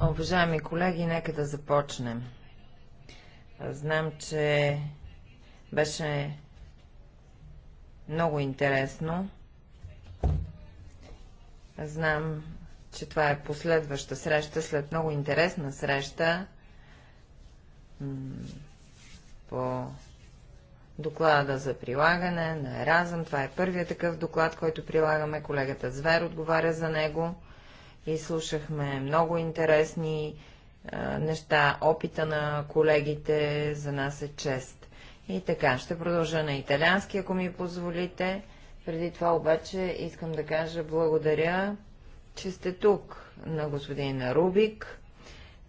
Уважаеми колеги, нека да започнем. Знам, че беше много интересно. Знам, че това е последваща среща, след много интересна среща по доклада за прилагане на Еразъм. Това е първият такъв доклад, който прилагаме. Колегата Звер отговаря за него. И слушахме много интересни е, неща. Опита на колегите за нас е чест. И така, ще продължа на италиански, ако ми позволите. Преди това обаче искам да кажа благодаря, че сте тук на господин Рубик,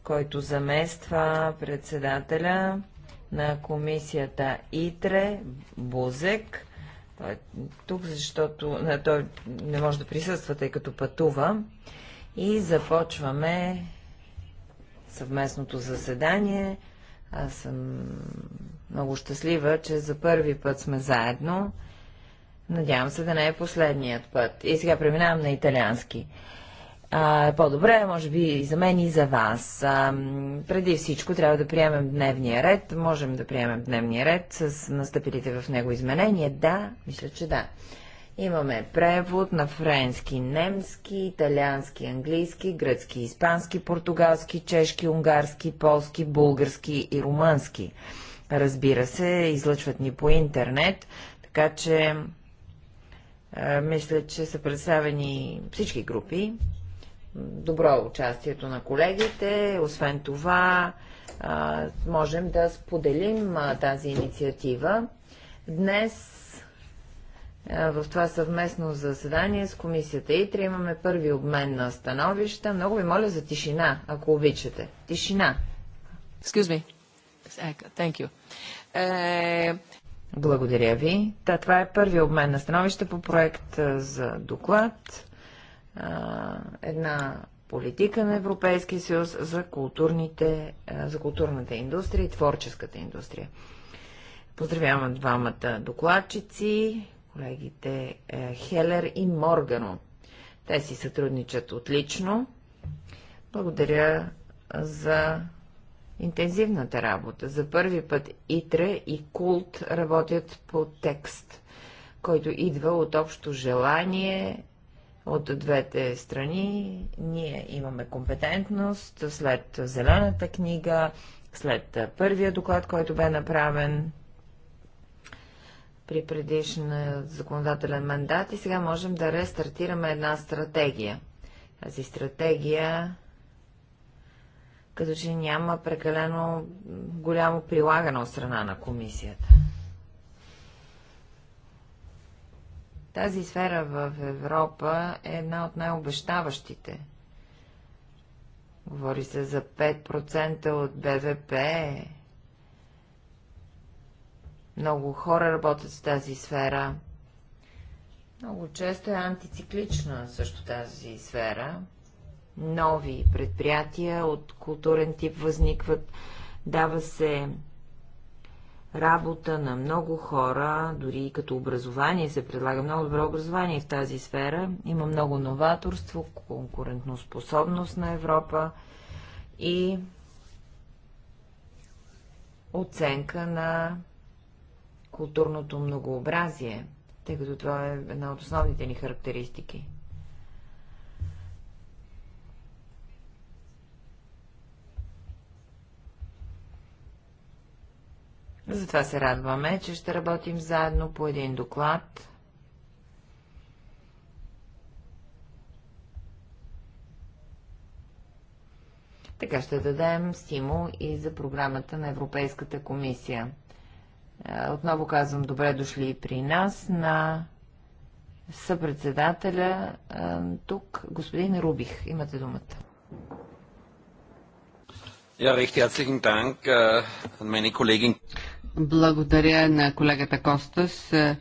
който замества председателя на комисията ИТРЕ, Бузек. Той е тук, защото не, той не може да присъства, тъй като пътува. И започваме съвместното заседание. Аз съм много щастлива, че за първи път сме заедно. Надявам се да не е последният път. И сега преминавам на италиански е по-добре, може би и за мен и за вас. А, преди всичко трябва да приемем дневния ред. Можем да приемем дневния ред с настъпилите в него изменения. Да, мисля, че да. Имаме превод на френски, немски, италиански, английски, гръцки, испански, португалски, чешки, унгарски, полски, български и румънски. Разбира се, излъчват ни по интернет, така че е, мисля, че са представени всички групи добро е участието на колегите. Освен това, можем да споделим тази инициатива. Днес в това съвместно заседание с комисията ИТРА имаме първи обмен на становища. Много ви моля за тишина, ако обичате. Тишина. Excuse me. Thank you. Uh... Благодаря ви. Та, това е първи обмен на становища по проект за доклад а, една политика на Европейския съюз за, културните, а, за културната индустрия и творческата индустрия. Поздравявам двамата докладчици, колегите е, Хелер и Моргано. Те си сътрудничат отлично. Благодаря за интензивната работа. За първи път ИТРЕ и КУЛТ работят по текст, който идва от общо желание от двете страни. Ние имаме компетентност след Зелената книга, след първия доклад, който бе направен при предишен законодателен мандат и сега можем да рестартираме една стратегия. Тази стратегия като че няма прекалено голямо прилагане от страна на комисията. Тази сфера в Европа е една от най-обещаващите. Говори се за 5% от БВП. Много хора работят в тази сфера. Много често е антициклична също тази сфера. Нови предприятия от културен тип възникват, дава се работа на много хора, дори и като образование се предлага много добро образование в тази сфера. Има много новаторство, конкурентноспособност на Европа и оценка на културното многообразие, тъй като това е една от основните ни характеристики. Затова се радваме, че ще работим заедно по един доклад. Така ще дадем стимул и за програмата на Европейската комисия. Отново казвам, добре дошли при нас на съпредседателя тук, господин Рубих. Имате думата. Ja, recht herzlichen Dank äh, an meine Kollegin. Благодаря на колегата Костас. Е,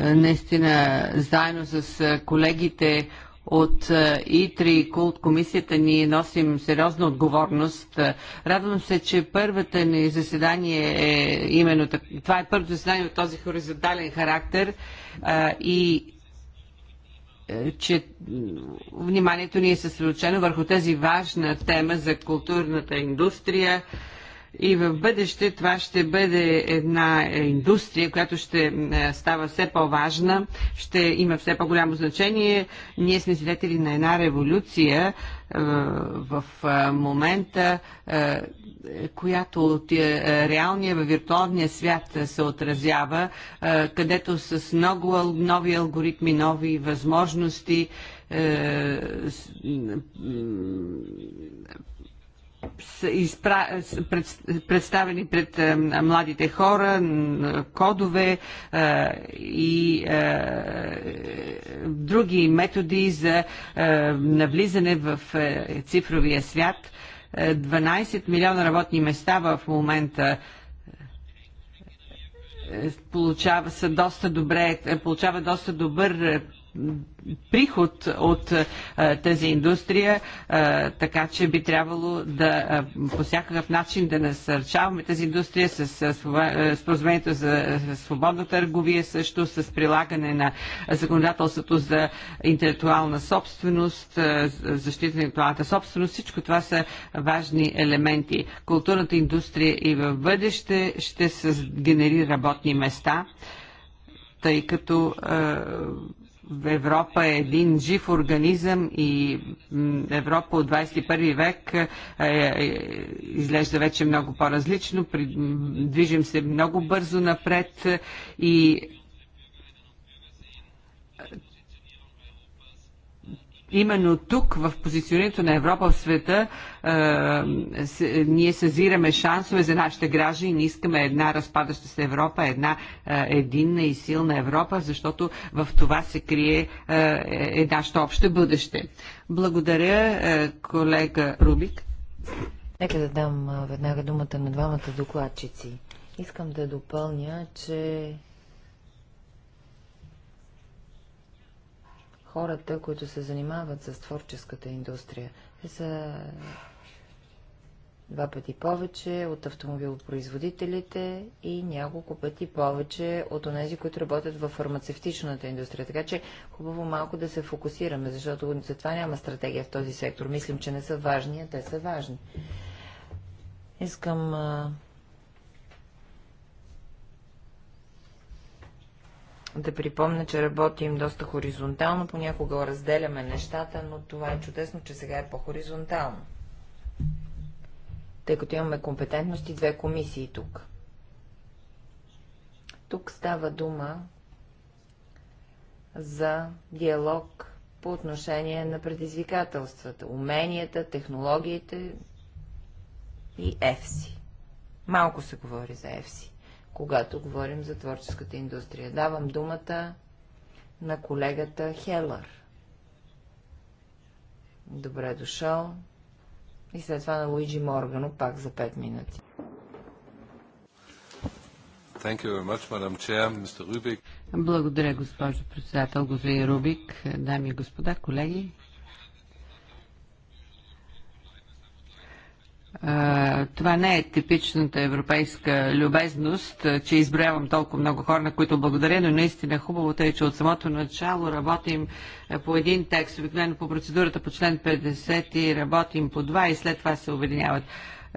наистина, заедно с е, колегите от е, ИТРИ и КУЛТ комисията ни носим сериозна отговорност. Радвам се, че първата ни заседание е именно така. това е първото заседание от този хоризонтален характер и че вниманието ни е съсредоточено върху тази важна тема за културната индустрия и в бъдеще това ще бъде една индустрия, която ще е, става все по-важна, ще има все по-голямо значение. Ние сме свидетели на една революция е, в е, момента, която от реалния във виртуалния свят се отразява, където с много нови алгоритми, нови възможности представени пред е, младите хора, кодове е, и е, други методи за навлизане в цифровия свят. 12 милиона работни места в момента получава, са доста добре, получава доста добър приход от а, тази индустрия, а, така че би трябвало да а, по всякакъв начин да насърчаваме тази индустрия с споразумението за свободна търговия, също с прилагане на законодателството за интелектуална собственост, а, защита на интелектуалната собственост. Всичко това са важни елементи. Културната индустрия и в бъдеще ще се генерира работни места тъй като а, Европа е един жив организъм и Европа от 21 век е, е, изглежда вече много по-различно. Движим се много бързо напред и именно тук, в позиционирането на Европа в света, е, се, ние съзираме шансове за нашите граждани. Не искаме една разпадаща се Европа, една е, единна и силна Европа, защото в това се крие е, е, нашето общо бъдеще. Благодаря, колега Рубик. Нека да дам веднага думата на двамата докладчици. Искам да допълня, че хората, които се занимават с творческата индустрия. Те са два пъти повече от автомобилопроизводителите и няколко пъти повече от онези, които работят в фармацевтичната индустрия. Така че хубаво малко да се фокусираме, защото за това няма стратегия в този сектор. Мислим, че не са важни, а те са важни. Искам а, да припомня, че работим доста хоризонтално, понякога разделяме нещата, но това е чудесно, че сега е по-хоризонтално. Тъй като имаме компетентности две комисии тук. Тук става дума за диалог по отношение на предизвикателствата, уменията, технологиите и ЕФСИ. Малко се говори за ЕФСИ когато говорим за творческата индустрия. Давам думата на колегата Хелър. Добре дошъл. И след това на Луиджи Моргано, пак за 5 минути. Much, Благодаря, госпожо председател, господин Рубик, дами и господа, колеги. Това не е типичната европейска любезност, че изброявам толкова много хора, на които благодаря, но наистина хубавото е, че от самото начало работим по един текст, обикновено по процедурата по член 50 и работим по два и след това се объединяват.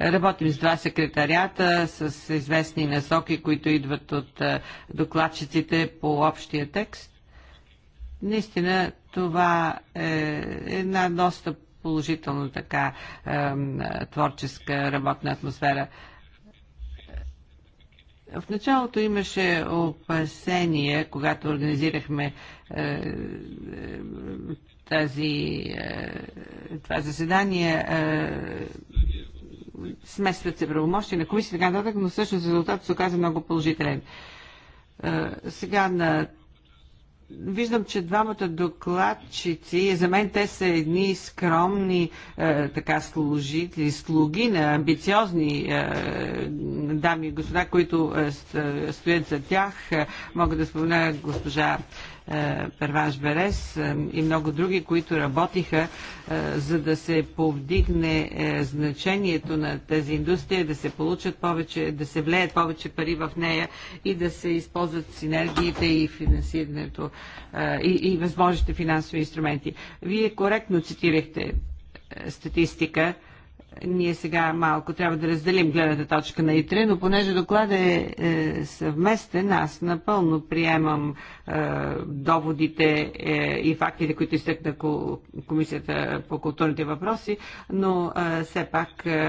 Работим с два секретарията, с известни насоки, които идват от докладчиците по общия текст. Наистина това е една доста положително така творческа работна атмосфера. В началото имаше опасения, когато организирахме е, е, тази, е, това заседание смесват се правомощи на комисията нататък, но всъщност резултатът се оказа много положителен. Сега на виждам, че двамата докладчици, за мен те са едни скромни е, така служители, слуги на амбициозни е, дами и господа, които е, е стоят за тях. Е, мога да спомена госпожа е, Перванш Берес е, и много други, които работиха е, за да се повдигне значението на тази индустрия, да се получат повече, да се влеят повече пари в нея и да се използват синергиите и финансирането и, и възможните финансови инструменти. Вие коректно цитирахте статистика, ние сега малко трябва да разделим гледната точка на ИТРЕ, но понеже доклад е, е съвместен, аз напълно приемам е, доводите е, и фактите, които изтъкна Комисията по културните въпроси, но е, все пак е,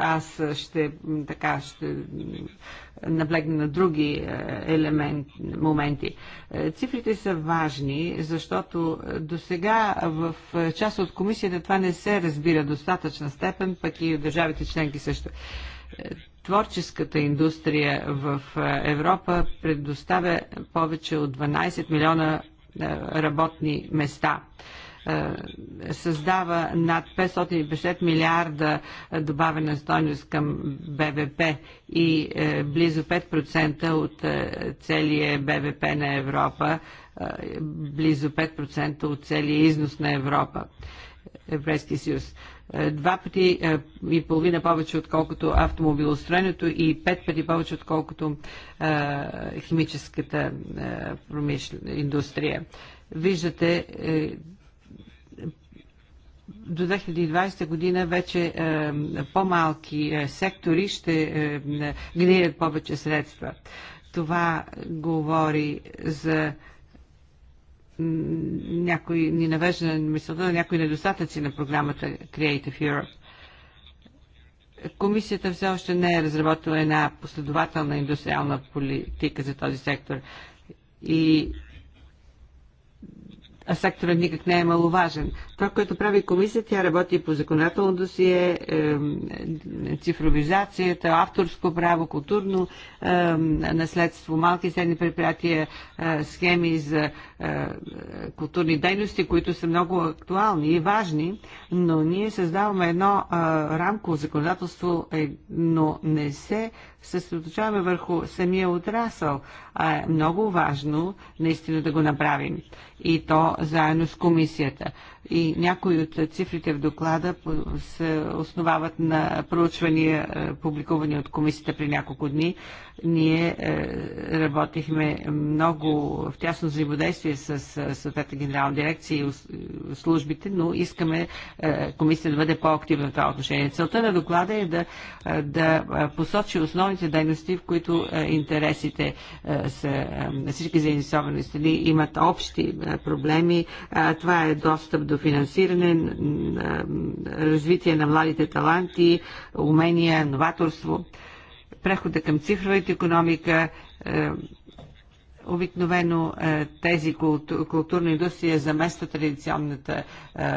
аз ще така ще наблегна на други е, елемент, моменти. Е, цифрите са важни, защото е, до сега в част от комисията това не се разбира достатъчна степен, пък и държавите членки също творческата индустрия в Европа предоставя повече от 12 милиона работни места. Е, създава над 550 милиарда добавена стойност към БВП и е, близо 5% от е, целия БВП на Европа, близо 5% от целия износ на Европа. Европейския съюз. Два пъти и половина повече, отколкото автомобилостроенето и пет пъти повече, отколкото химическата индустрия. Виждате до 2020 година вече е, по-малки е, сектори ще е, генерират повече средства. Това говори за някой ни навежда на мисълта на някои недостатъци на програмата Creative Europe. Комисията все още не е разработила една последователна индустриална политика за този сектор. И а секторът никак не е маловажен. Това, което прави комисията, тя работи по законодателно досие, цифровизацията, авторско право, културно наследство, малки и средни предприятия, е, схеми за е, културни дейности, които са много актуални и важни, но ние създаваме едно е, рамко законодателство, но не се съсредоточаваме върху самия отрасъл. А е много важно наистина да го направим. И то заедно с комисията и някои от цифрите в доклада се основават на проучвания, е, публикувани от комисията при няколко дни. Ние е, работихме много в тясно взаимодействие с е, съответната генерална дирекция и е, службите, но искаме комисията да бъде по-активна в това отношение. Целта на доклада е да, да посочи основните дейности, в които интересите са всички заинтересовани страни имат общи проблеми. Това е достъп до финансиране, развитие на младите таланти, умения, новаторство прехода към цифровата економика, е, обикновено е, тези култур, културна индустрия замества традиционната е,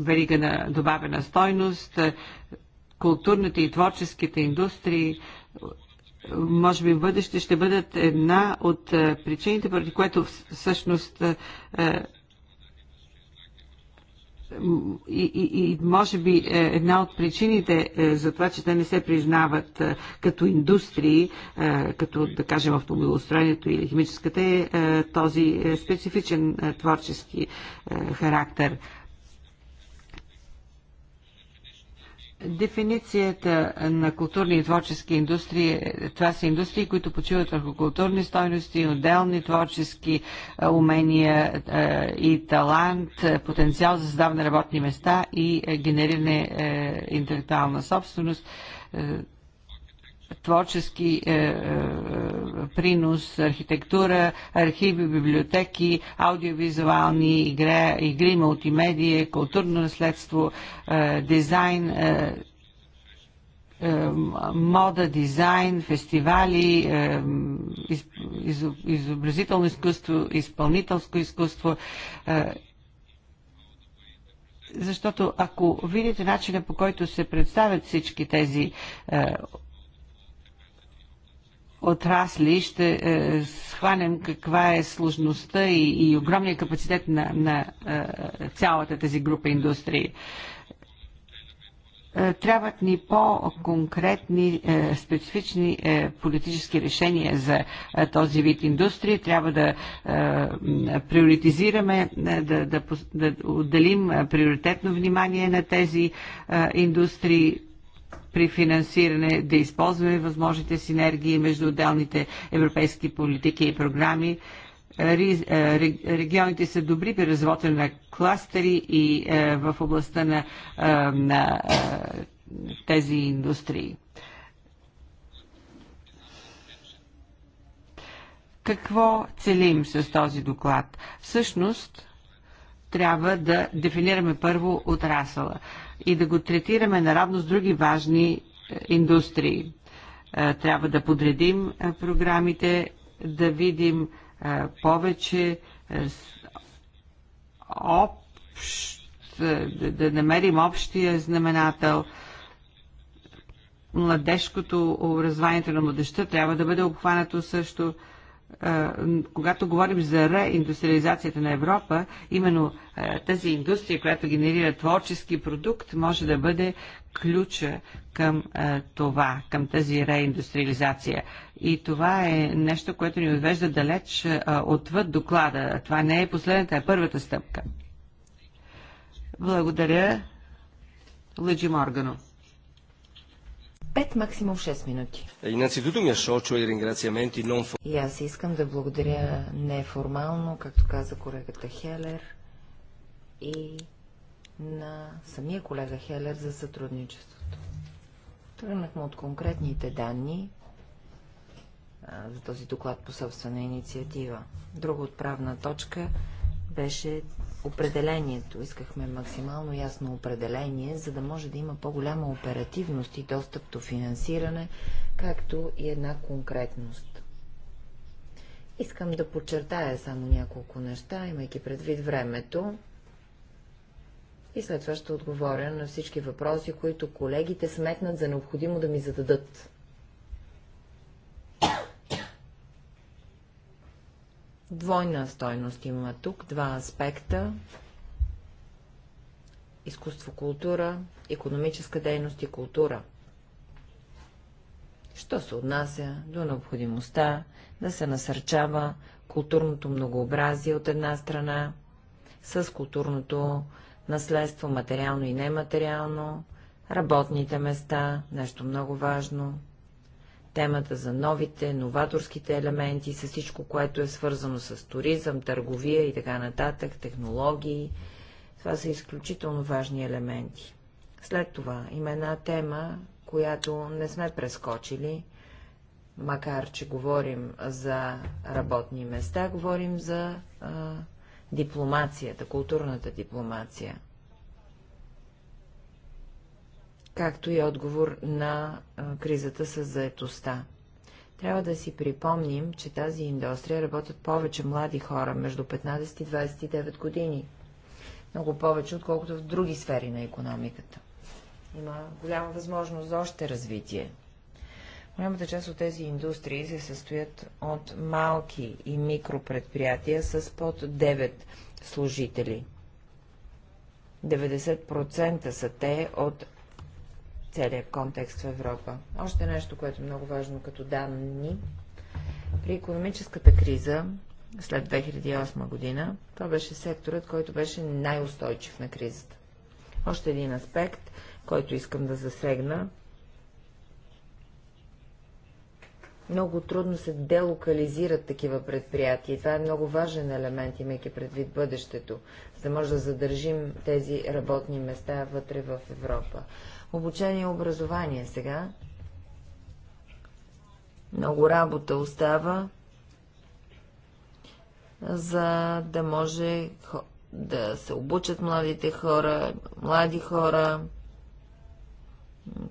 верига на добавена стойност, културните и творческите индустрии може би в бъдеще ще бъдат една от причините, поради което всъщност и, и, и може би е, една от причините е, за това, че те не се признават е, като индустрии, като да кажем автомобилостроенето или химическата е този специфичен творчески характер. Дефиницията на културни и творчески индустрии, това са индустрии, които почиват върху културни стойности, отделни творчески умения и талант, потенциал за създаване работни места и генериране интелектуална собственост творчески е, е, принос, архитектура, архиви, библиотеки, аудиовизуални игре, игри, мултимедия, културно наследство, е, дизайн, е, е мода, дизайн, фестивали, е, из, из, изобразително изкуство, изпълнителско изкуство. Е, защото ако видите начина по който се представят всички тези отрасли ще е, схванем каква е сложността и, и огромния капацитет на, на е, цялата тази група индустрии. Е, трябват ни по-конкретни, е, специфични е, политически решения за е, този вид индустрии. Трябва да е, приоритизираме, е, да, да, да отделим приоритетно внимание на тези индустрии при финансиране, да използваме възможните синергии между отделните европейски политики и програми. Е, регионите са добри при разработване на кластери и е, в областта на, е, на тези индустрии. Какво целим с този доклад? Всъщност, трябва да дефинираме първо отрасъла и да го третираме наравно с други важни е, индустрии. Е, трябва да подредим е, програмите, да видим повече общ, да намерим общия знаменател. Младежкото образованието на младеща трябва да бъде обхванато също когато говорим за реиндустриализацията на Европа, именно тази индустрия, която генерира творчески продукт, може да бъде ключа към това, към тази реиндустриализация. И това е нещо, което ни отвежда далеч отвъд доклада. Това не е последната, а е първата стъпка. Благодаря, Лъджи Моргано. 5, максимум 6 минути. И аз искам да благодаря неформално, както каза колегата Хелер, и на самия колега Хелер за сътрудничеството. Тръгнахме от конкретните данни за този доклад по собствена инициатива. Друга отправна точка беше определението. Искахме максимално ясно определение, за да може да има по-голяма оперативност и достъп до финансиране, както и една конкретност. Искам да подчертая само няколко неща, имайки предвид времето. И след това ще отговоря на всички въпроси, които колегите сметнат за необходимо да ми зададат. Двойна стойност има тук, два аспекта – изкуство-култура, економическа дейност и култура. Що се отнася до необходимостта да се насърчава културното многообразие от една страна, с културното наследство, материално и нематериално, работните места, нещо много важно – темата за новите, новаторските елементи, с всичко, което е свързано с туризъм, търговия и така нататък, технологии. Това са изключително важни елементи. След това има една тема, която не сме прескочили, макар че говорим за работни места, говорим за а, дипломацията, културната дипломация – както и отговор на кризата с заетостта. Трябва да си припомним, че тази индустрия работят повече млади хора между 15 и 29 години. Много повече, отколкото в други сфери на економиката. Има голяма възможност за още развитие. Голямата част от тези индустрии се състоят от малки и микропредприятия с под 9 служители. 90% са те от целият контекст в Европа. Още нещо, което е много важно като данни. При економическата криза след 2008 година, това беше секторът, който беше най-устойчив на кризата. Още един аспект, който искам да засегна. Много трудно се делокализират такива предприятия това е много важен елемент, имайки предвид бъдещето, за да може да задържим тези работни места вътре в Европа. Обучение и образование сега. Много работа остава, за да може да се обучат младите хора, млади хора,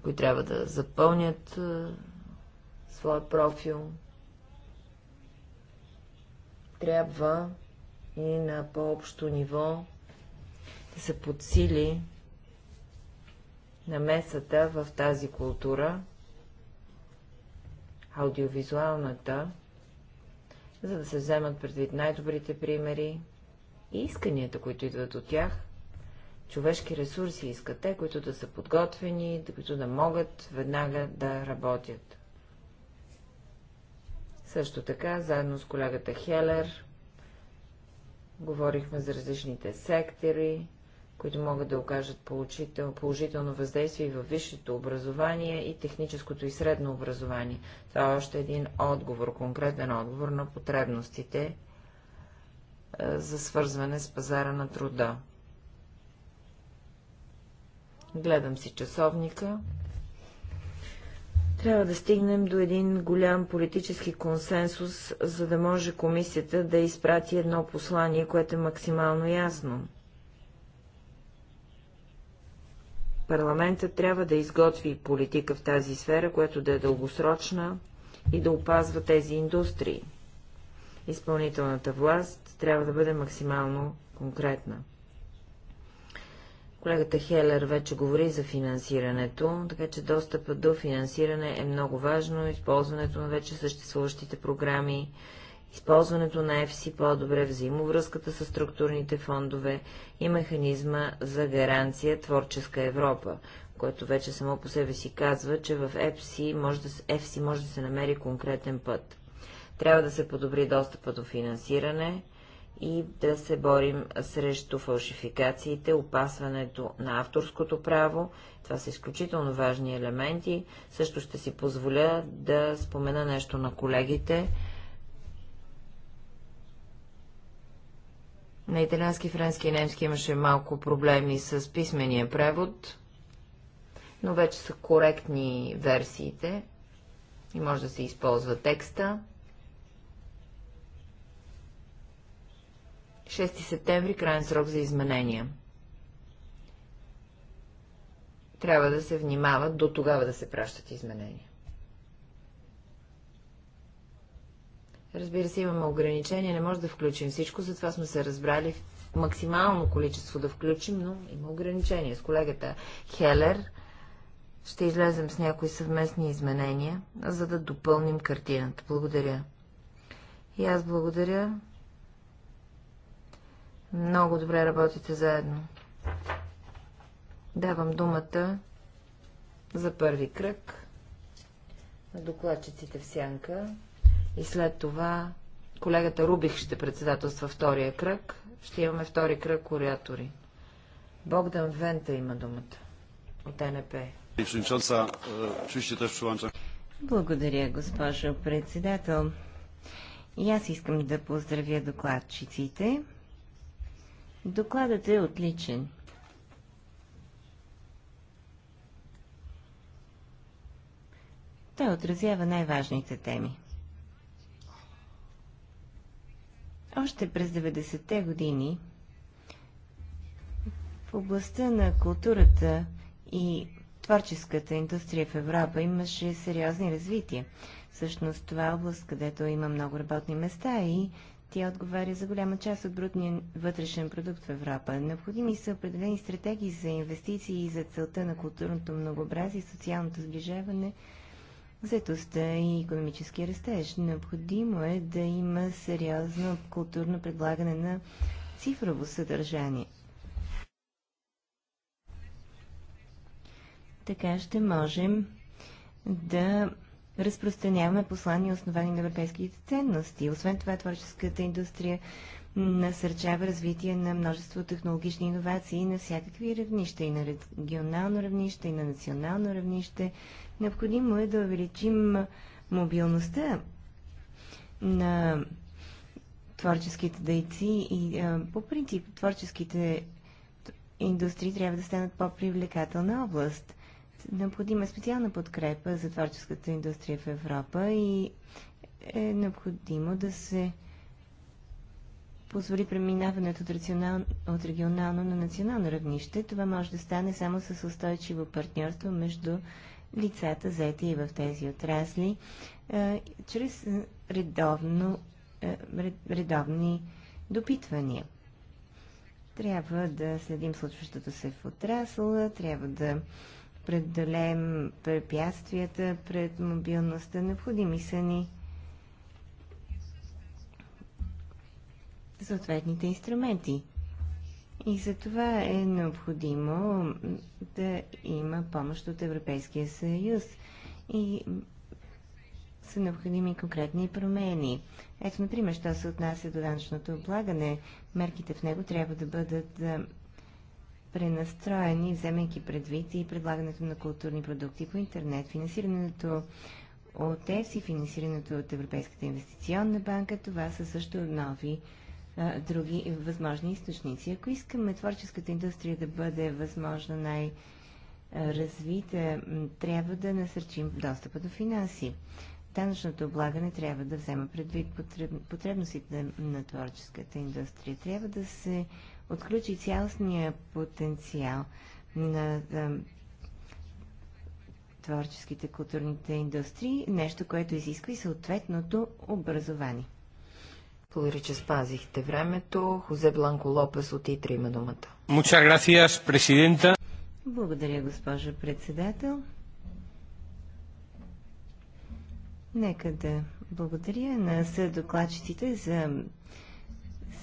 които трябва да запълнят своя профил. Трябва и на по-общо ниво да се подсили намесата в тази култура, аудиовизуалната, за да се вземат предвид най-добрите примери и исканията, които идват от тях. Човешки ресурси искат те, които да са подготвени, които да могат веднага да работят. Също така, заедно с колегата Хелер, говорихме за различните сектори, които могат да окажат положително въздействие във висшето образование и техническото и средно образование. Това е още един отговор, конкретен отговор на потребностите е, за свързване с пазара на труда. Гледам си часовника. Трябва да стигнем до един голям политически консенсус, за да може комисията да изпрати едно послание, което е максимално ясно. Парламентът трябва да изготви политика в тази сфера, която да е дългосрочна и да опазва тези индустрии. Изпълнителната власт трябва да бъде максимално конкретна. Колегата Хелер вече говори за финансирането, така че достъпът до финансиране е много важно, използването на вече съществуващите програми, използването на ЕФСИ по-добре, взаимовръзката с структурните фондове и механизма за гаранция Творческа Европа, което вече само по себе си казва, че в ЕФСИ може да, ЕФСИ може да се намери конкретен път. Трябва да се подобри достъпа до финансиране и да се борим срещу фалшификациите, опасването на авторското право. Това са изключително важни елементи. Също ще си позволя да спомена нещо на колегите На италиански, френски и немски имаше малко проблеми с писмения превод, но вече са коректни версиите и може да се използва текста. 6 септември, крайен срок за изменения. Трябва да се внимава до тогава да се пращат изменения. Разбира се, имаме ограничения, не може да включим всичко, затова сме се разбрали максимално количество да включим, но има ограничения. С колегата Хелер ще излезем с някои съвместни изменения, за да допълним картината. Благодаря. И аз благодаря. Много добре работите заедно. Давам думата за първи кръг на докладчиците в сянка и след това колегата Рубих ще председателства втория кръг. Ще имаме втори кръг ориатори. Богдан Вента има думата от НП. Е, Благодаря, госпожо председател. И аз искам да поздравя докладчиците. Докладът е отличен. Той отразява най-важните теми. Още през 90-те години в областта на културата и творческата индустрия в Европа имаше сериозни развития. Всъщност това е област, където има много работни места и тя отговаря за голяма част от брутния вътрешен продукт в Европа. Необходими са определени стратегии за инвестиции и за целта на културното многообразие, социалното сближаване – заетостта и економически растеж. Необходимо е да има сериозно културно предлагане на цифрово съдържание. Така ще можем да разпространяваме послания, основани на европейските ценности. Освен това, творческата индустрия насърчава развитие на множество технологични иновации на всякакви равнища, и на регионално равнище, и на национално равнище, Необходимо е да увеличим мобилността на творческите дейци и по принцип творческите индустрии трябва да станат по-привлекателна област. Необходима е специална подкрепа за творческата индустрия в Европа и е необходимо да се позволи преминаването от, рационал... от регионално на национално равнище. Това може да стане само с устойчиво партньорство между лицата, заети и в тези отрасли, чрез редовно, редовни допитвания. Трябва да следим случващото се в отрасла, трябва да преодолеем препятствията пред мобилността. Необходими са ни съответните инструменти. И за това е необходимо да има помощ от Европейския съюз. И са необходими конкретни промени. Ето, например, що се отнася до данъчното облагане, мерките в него трябва да бъдат пренастроени, вземайки предвид и предлагането на културни продукти по интернет, финансирането от ЕС и финансирането от Европейската инвестиционна банка. Това са също нови други възможни източници. Ако искаме творческата индустрия да бъде възможно най- развита, трябва да насърчим достъпа до финанси. Данъчното облагане трябва да взема предвид потребностите на творческата индустрия. Трябва да се отключи цялостния потенциал на, на творческите културните индустрии, нещо, което изисква и съответното образование. Благодаря, че спазихте времето. Хозе Бланко Лопес от Итра има думата. gracias, президента. Благодаря, госпожа председател. Нека да благодаря на съдокладчетите за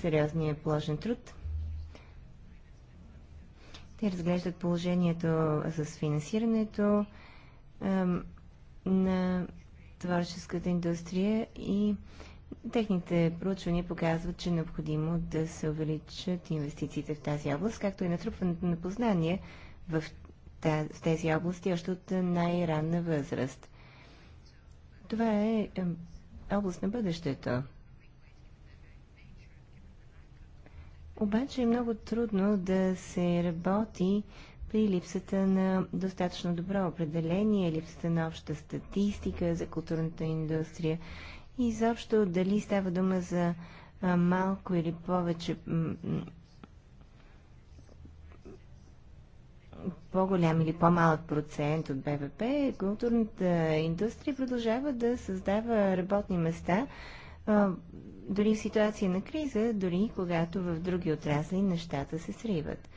сериозния положен труд. Те разглеждат положението с финансирането на творческата индустрия и Техните проучвания показват, че е необходимо да се увеличат инвестициите в тази област, както и натрупването на познания в тези области още от най-ранна възраст. Това е област на бъдещето. Обаче е много трудно да се работи при липсата на достатъчно добро определение, липсата на обща статистика за културната индустрия изобщо дали става дума за малко или повече по-голям или по-малък процент от БВП, културната индустрия продължава да създава работни места дори в ситуация на криза, дори когато в други отрасли нещата се сриват.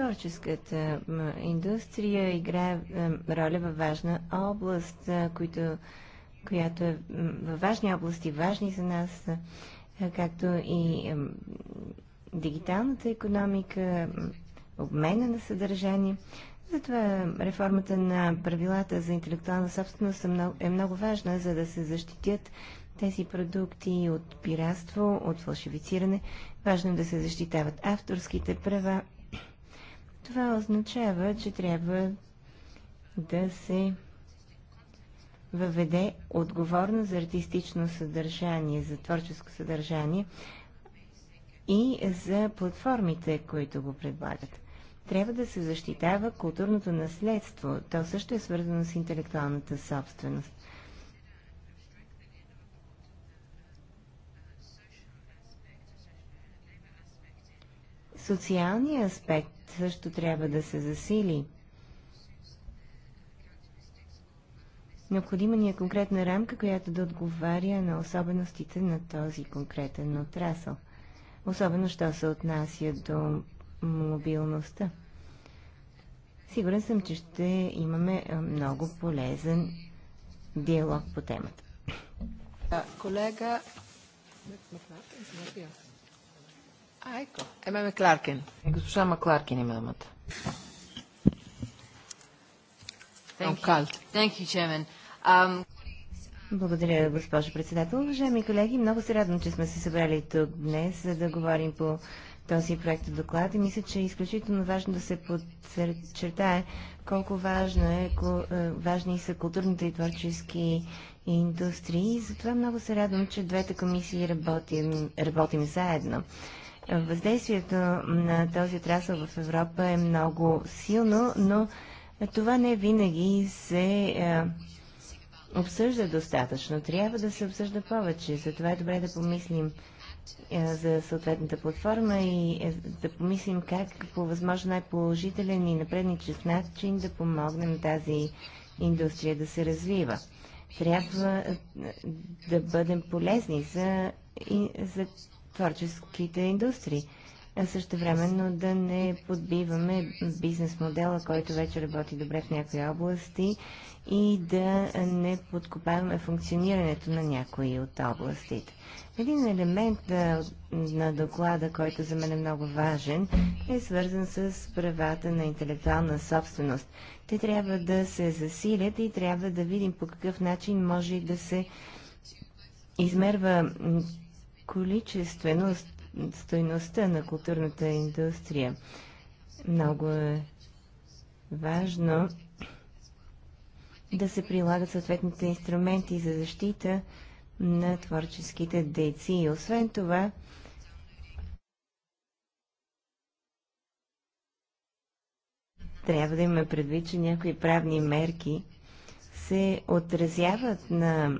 творческата индустрия играе роля във важна област, която, която е във важни области, важни за нас, както и дигиталната економика, обмена на съдържание. Затова реформата на правилата за интелектуална собственост е много, е много важна, за да се защитят тези продукти от пиратство, от фалшифициране. Важно е да се защитават авторските права това означава, че трябва да се въведе отговорност за артистично съдържание, за творческо съдържание и за платформите, които го предлагат. Трябва да се защитава културното наследство. То също е свързано с интелектуалната собственост. Социалният аспект също трябва да се засили. Необходима ни е конкретна рамка, която да отговаря на особеностите на този конкретен отрасъл. Особено, що се отнася до мобилността. Сигурен съм, че ще имаме много полезен диалог по темата. Колега, а, Еме Макларкин. Госпожа Макларкин има думата. Um, Благодаря, госпожо председател. Уважаеми колеги, много се радвам, че сме се събрали тук днес, за да говорим по този проект доклад и мисля, че е изключително важно да се подчертае колко важно е, ко, е, важни са културните и творчески индустрии. И затова много се радвам, че двете комисии работим, работим заедно. Въздействието на този отрасъл в Европа е много силно, но това не винаги се е, обсъжда достатъчно. Трябва да се обсъжда повече. Затова е добре да помислим е, за съответната платформа и е, да помислим как по възможно най-положителен и напредничест начин да помогнем тази индустрия да се развива. Трябва да бъдем полезни за, и, за творческите индустрии. А също времено да не подбиваме бизнес модела, който вече работи добре в някои области и да не подкопаваме функционирането на някои от областите. Един елемент на, на доклада, който за мен е много важен, е свързан с правата на интелектуална собственост. Те трябва да се засилят и трябва да видим по какъв начин може да се измерва количествено стойността на културната индустрия. Много е важно да се прилагат съответните инструменти за защита на творческите дейци. И освен това, трябва да имаме предвид, че някои правни мерки – се отразяват на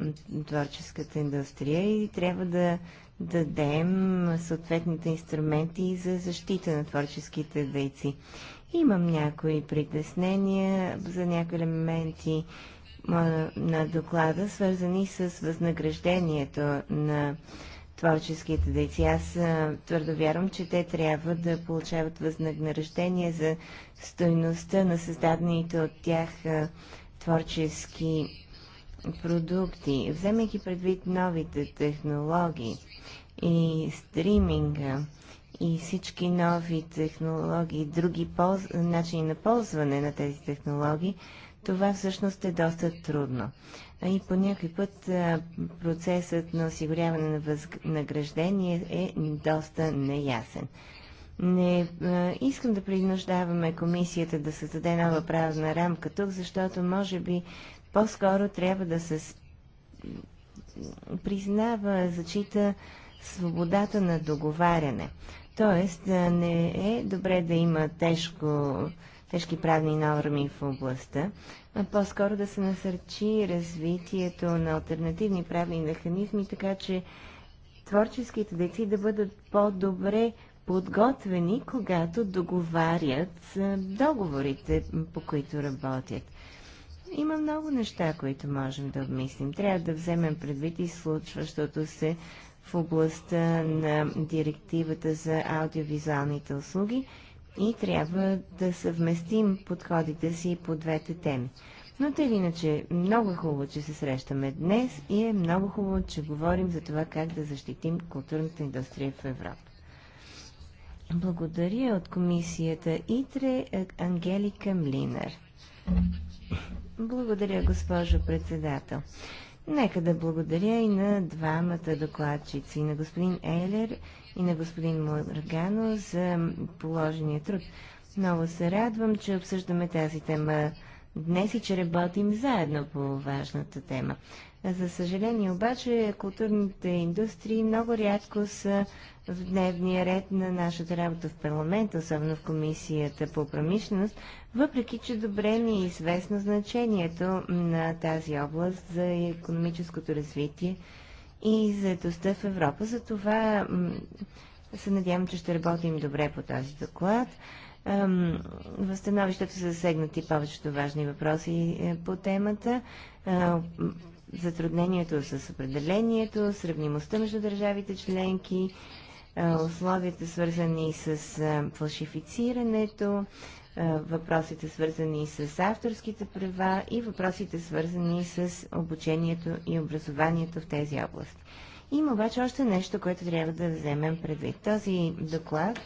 творческата индустрия и трябва да дадем съответните инструменти за защита на творческите дейци. Имам някои притеснения за някои елементи на доклада, свързани с възнаграждението на творческите дейци. Аз твърдо вярвам, че те трябва да получават възнаграждение за стойността на създадените от тях творчески продукти, вземайки предвид новите технологии и стриминга и всички нови технологии, други полз... начини на ползване на тези технологии, това всъщност е доста трудно. А и по някой път процесът на осигуряване на възнаграждение е доста неясен. Не е, искам да принуждаваме комисията да създаде нова правна рамка тук, защото може би по-скоро трябва да се признава, зачита свободата на договаряне. Тоест, е, не е добре да има тежко, тежки правни норми в областта, а по-скоро да се насърчи развитието на альтернативни правни механизми, така че творческите деци да бъдат по-добре подготвени, когато договарят договорите, по които работят. Има много неща, които можем да обмислим. Трябва да вземем предвид и случващото се в областта на директивата за аудиовизуалните услуги и трябва да съвместим подходите си по двете теми. Но те иначе, много хубаво, че се срещаме днес и е много хубаво, че говорим за това как да защитим културната индустрия в Европа. Благодаря от комисията ИТРЕ е, Ангелика Млинар. Благодаря, госпожо председател. Нека да благодаря и на двамата докладчици, на господин Ейлер и на господин Моргано за положения труд. Много се радвам, че обсъждаме тази тема днес и че работим заедно по важната тема. За съжаление обаче, културните индустрии много рядко са в дневния ред на нашата работа в парламента, особено в Комисията по промишленост, въпреки че добре ми е известно значението на тази област за економическото развитие и заедостта в Европа. Затова се надявам, че ще работим добре по този доклад. В становището са засегнати повечето важни въпроси е, по темата. Затруднението с определението, сравнимостта между държавите членки, е, условията свързани с е, фалшифицирането, е, въпросите свързани с авторските права и въпросите свързани с обучението и образованието в тези области. Има обаче още нещо, което трябва да вземем предвид. Този доклад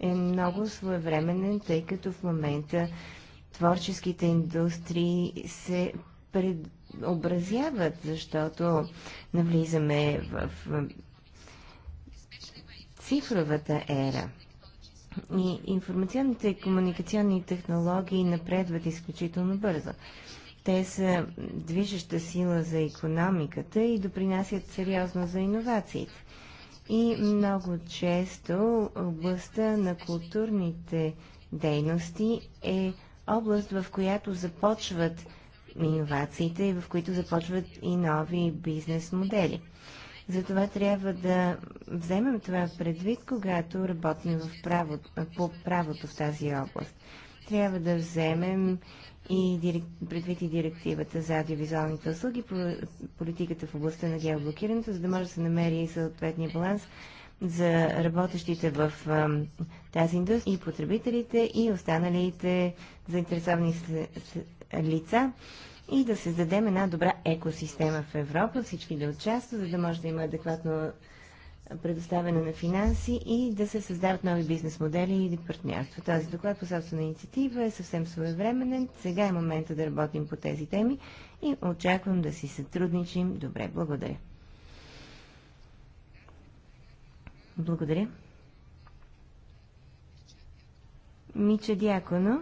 е много своевременен, тъй като в момента творческите индустрии се преобразяват, защото навлизаме в цифровата ера. И информационните и комуникационни технологии напредват изключително бързо. Те са движеща сила за економиката и допринасят сериозно за иновациите. И много често областта на културните дейности е област, в която започват иновациите и в които започват и нови бизнес модели. Затова трябва да вземем това предвид, когато работим в право, по правото в тази област. Трябва да вземем и предвид и директивата за аудиовизуалните услуги, политиката в областта на геоблокирането, за да може да се намери и съответния баланс за работещите в тази индустрия и потребителите и останалите заинтересовани лица и да създадем една добра екосистема в Европа, всички да участват, за да може да има адекватно предоставяне на финанси и да се създават нови бизнес модели и партньорства. Този доклад по собствена инициатива е съвсем своевременен. Сега е момента да работим по тези теми и очаквам да си сътрудничим. Добре, благодаря. Благодаря. Мича Дяконо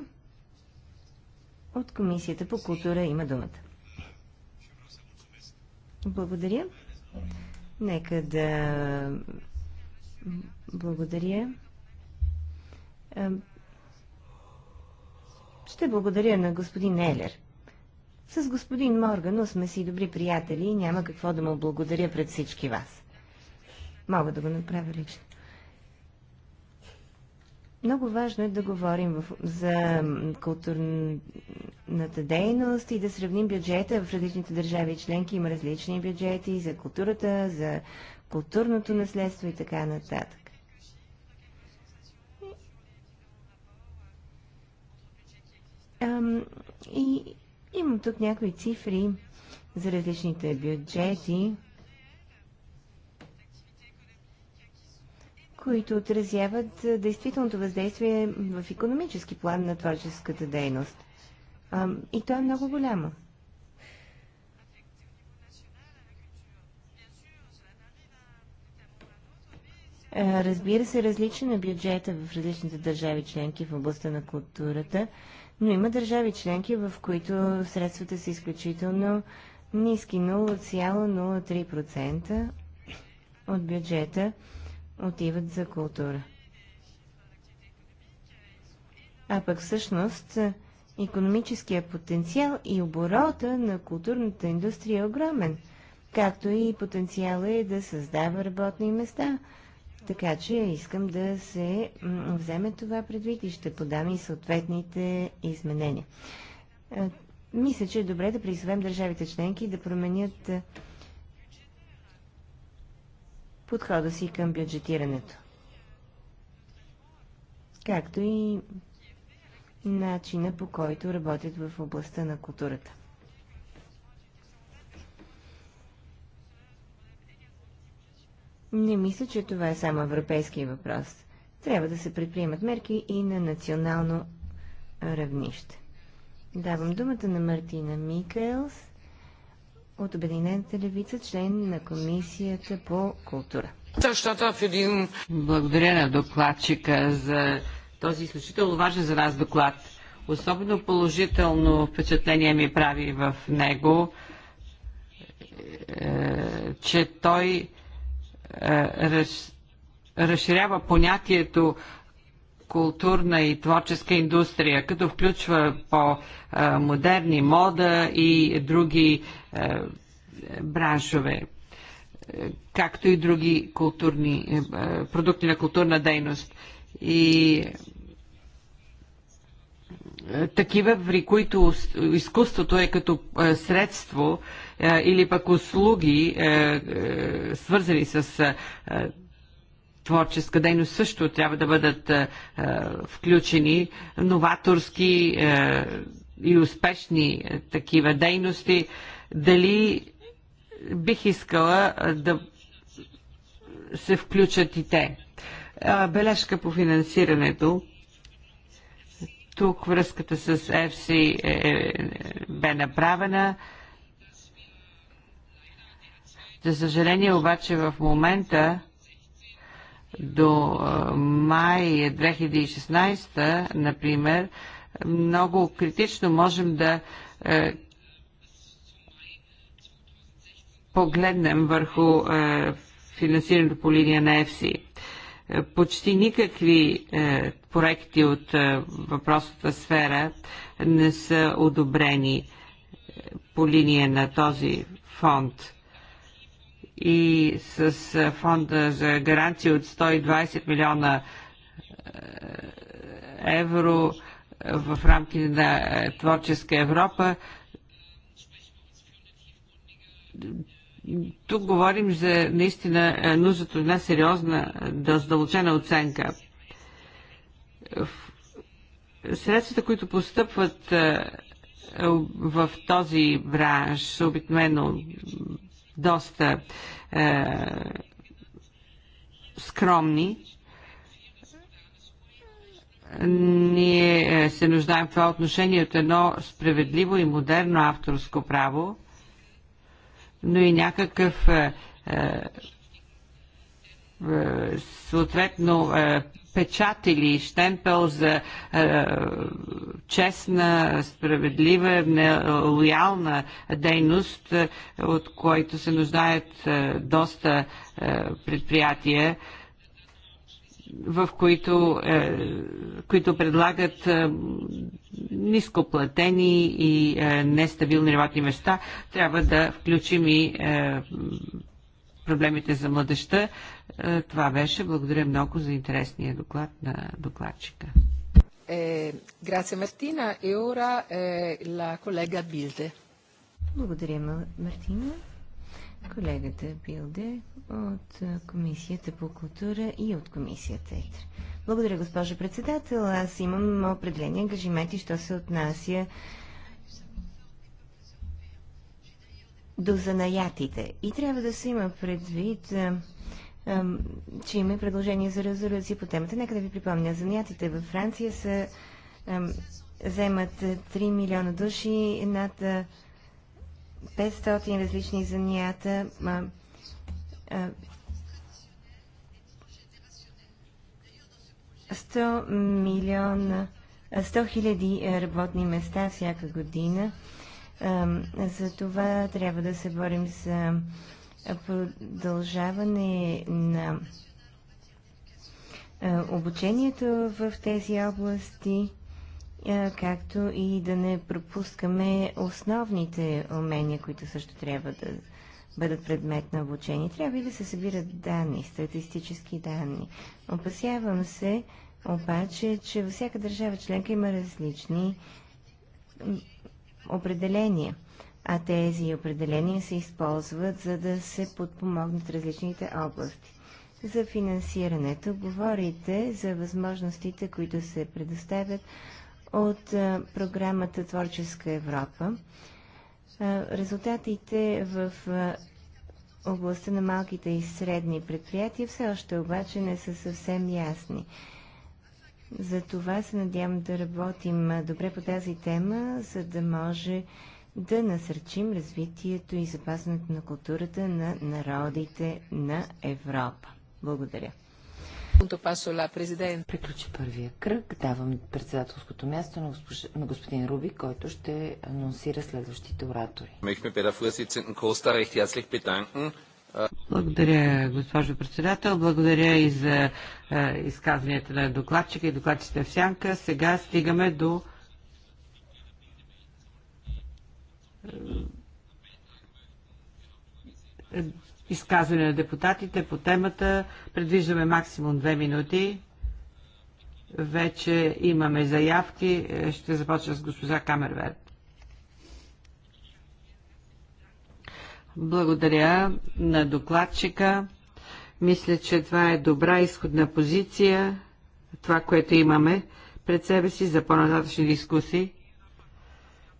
от Комисията по култура има думата. Благодаря. Нека да благодаря. Ще благодаря на господин Елер. С господин Моргано сме си добри приятели и няма какво да му благодаря пред всички вас. Мога да го направя лично. Много важно е да говорим в, за културната дейност и да сравним бюджета в различните държави членки. Има различни бюджети за културата, за културното наследство и така нататък. и имам тук някои цифри за различните бюджети. които отразяват действителното въздействие в економически план на творческата дейност. и то е много голямо. Разбира се, различен е бюджета в различните държави членки в областта на културата, но има държави членки, в които средствата са изключително ниски 0,03% от бюджета отиват за култура. А пък всъщност економическия потенциал и оборота на културната индустрия е огромен, както и потенциала е да създава работни места. Така че искам да се вземе това предвид и ще подам и съответните изменения. Мисля, че е добре да призовем държавите членки да променят подхода си към бюджетирането. Както и начина по който работят в областта на културата. Не мисля, че това е само европейски въпрос. Трябва да се предприемат мерки и на национално равнище. Давам думата на Мартина Микелс от Обединената левица, член на Комисията по култура. Благодаря на докладчика за този изключително важен за нас доклад. Особено положително впечатление ми прави в него, е, че той е, разширява понятието културна и творческа индустрия, като включва по-модерни мода и други е, браншове, както и други културни, е, продукти на културна дейност. И е, такива, при които изкуството е като средство или пък услуги, свързани с творческа дейност също трябва да бъдат е, е, включени новаторски е, и успешни е, такива дейности. Дали бих искала е, да се включат и те? Е, бележка по финансирането. Тук връзката с е, бе направена. За съжаление обаче в момента до май 2016, например, много критично можем да е, погледнем върху е, финансирането по линия на ЕФСИ. Е, почти никакви проекти от въпросната сфера не са одобрени по линия на този фонд и с фонда за гаранция от 120 милиона е, евро в рамките на е, Творческа Европа. Тук говорим за наистина е, нуждата от една сериозна, да оценка. Средствата, които постъпват в този бранш, обикновено доста е, скромни. Ние е, се нуждаем в това отношение от едно справедливо и модерно авторско право, но и някакъв е, е, е съответно е, печат или штемпел за е, честна, справедлива, лоялна дейност, е, от който се нуждаят е, доста е, предприятия в които, е, които предлагат е, нископлатени и е, нестабилни работни места, трябва да включим и е, проблемите за младеща. Е, това беше. Благодаря много за интересния доклад на докладчика. Е, грация Мартина. И ора е, ла колега Билде. Благодаря, Мартина. Колегата Билде от Комисията по култура и от Комисията ЕТР. Благодаря, госпожа председател. Аз имам определени ангажименти, що се отнася до занаятите. И трябва да се има предвид, а, е, а, е, че има предложение за резолюция по темата. Нека да ви припомня, занаятите във Франция са, е, а, вземат 3 милиона души, над 500 различни занята. Сто милиона, 100 хиляди работни места всяка година. За това трябва да се борим за продължаване на обучението в тези области, както и да не пропускаме основните умения, които също трябва да бъдат предмет на обучение. Трябва и да се събират данни, статистически данни. Опасявам се обаче, че във всяка държава членка има различни определения. А тези определения се използват, за да се подпомогнат различните области. За финансирането говорите за възможностите, които се предоставят от програмата Творческа Европа. резултатите в областта на малките и средни предприятия все още обаче не са съвсем ясни. За това се надявам да работим добре по тази тема, за да може да насърчим развитието и запазването на културата на народите на Европа. Благодаря. Приключи първия кръг. Давам председателското място на, госпож... на господин Руби, който ще анонсира следващите оратори. Благодаря, госпожо председател. Благодаря и за е, изказванията на докладчика и докладчите в сянка. Сега стигаме до е, изказване на депутатите по темата. Предвиждаме максимум две минути. Вече имаме заявки. Е, ще започна с госпожа Камерверт. Благодаря на докладчика. Мисля, че това е добра изходна позиция, това, което имаме пред себе си за по-нататъчни дискусии.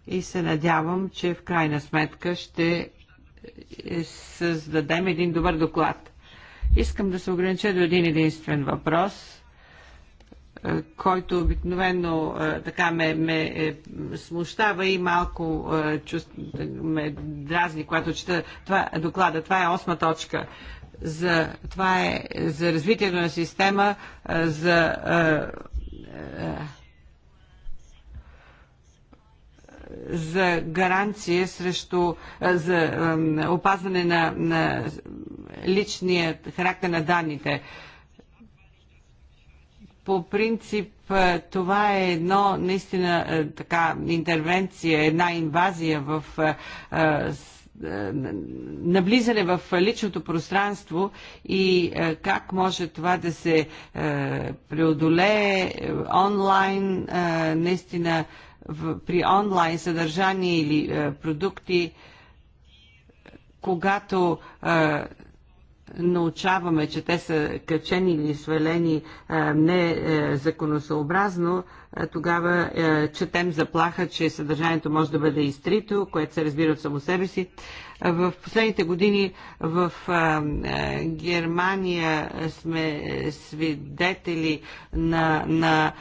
И се надявам, че в крайна сметка ще е, създадем един добър доклад. Искам да се огранича до един единствен въпрос. Е, който обикновено е, така ме, ме е, смущава и малко чувств... ме дразни, когато чета това, доклада. Това е осма точка. За, това е за развитието на система, за за гаранция срещу за опазване на, на личния характер на данните по принцип е, това е едно наистина е, така интервенция, една инвазия в е, наблизане в личното пространство и как може това да се преодолее онлайн, наистина при онлайн съдържание или продукти, когато научаваме, че те са качени или свалени е, незаконосъобразно, е, е, тогава четем заплаха, че съдържанието може да бъде изтрито, което се разбира от само себе си. В последните години в Германия сме свидетели на, на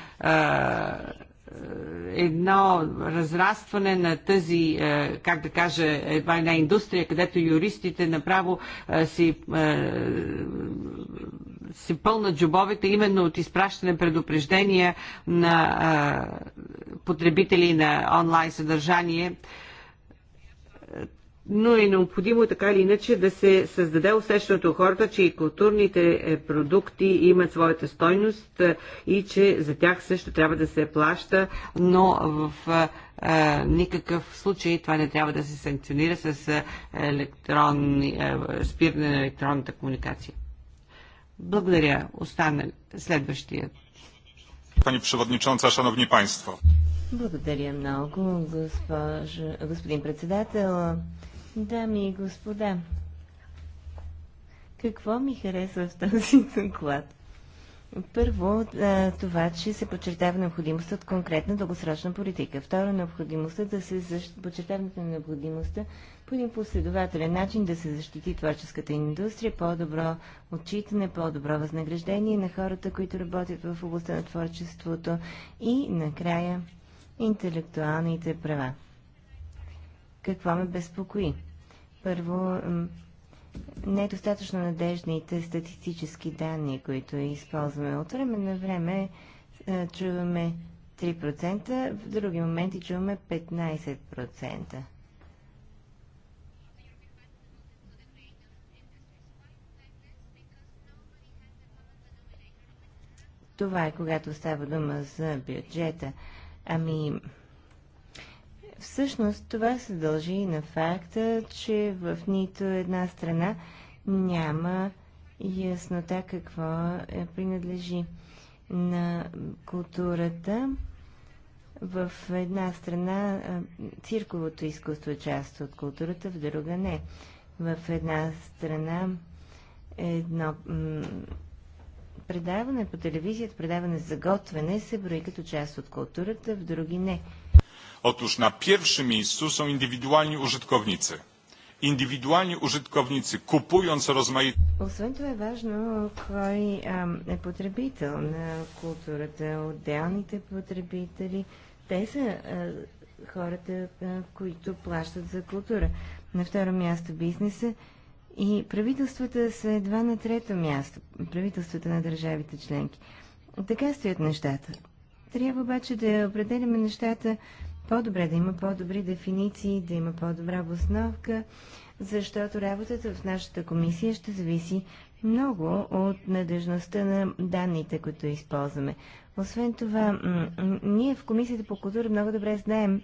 едно разрастване на тази, е, как да кажа, едва една индустрия, където юристите направо е, си, е, си пълнат джобовете именно от изпращане предупреждения на потребители на онлайн съдържание но е необходимо така или иначе да се създаде усещането у хората, че и културните е, продукти имат своята стойност е, и че за тях също трябва да се плаща, но в а, е, никакъв случай това не трябва да се санкционира с електронни, а, спиране на електронната комуникация. Благодаря. Остана следващия. Пани Przewodnicząca, шановни панство. Благодаря много, госпожа, господин председател. Дами и господа, какво ми харесва в този доклад? Първо, това, че се подчертава необходимостта от конкретна дългосрочна политика. Второ, необходимостта да се защитава на необходимостта по един последователен начин да се защити творческата индустрия, по-добро отчитане, по-добро възнаграждение на хората, които работят в областта на творчеството и накрая интелектуалните права какво ме безпокои. Първо, не е достатъчно надежните статистически данни, които използваме. От време на време е, чуваме 3%, в други моменти чуваме 15%. Това е когато става дума за бюджета. Ами, Всъщност това се дължи и на факта, че в нито една страна няма яснота какво е принадлежи на културата. В една страна цирковото изкуство е част от културата, в друга не. В една страна едно предаване по телевизията, предаване за готвене се брои като част от културата, в други не. Otóż na pierwszym miejscu są indywidualni użytkownicy. Индивидуални użytkownicy, kupując rozmaite... Освен това е важно кой а, е потребител на културата, отделните потребители. Те са а, хората, а, които плащат за култура. На второ място бизнеса и правителствата са едва на трето място. Правителствата на държавите членки. Така стоят нещата. Трябва обаче да определяме нещата по-добре, да има по-добри дефиниции, да има по-добра обосновка, защото работата в нашата комисия ще зависи много от надежността на данните, които използваме. Освен това, ние в Комисията по култура много добре знаем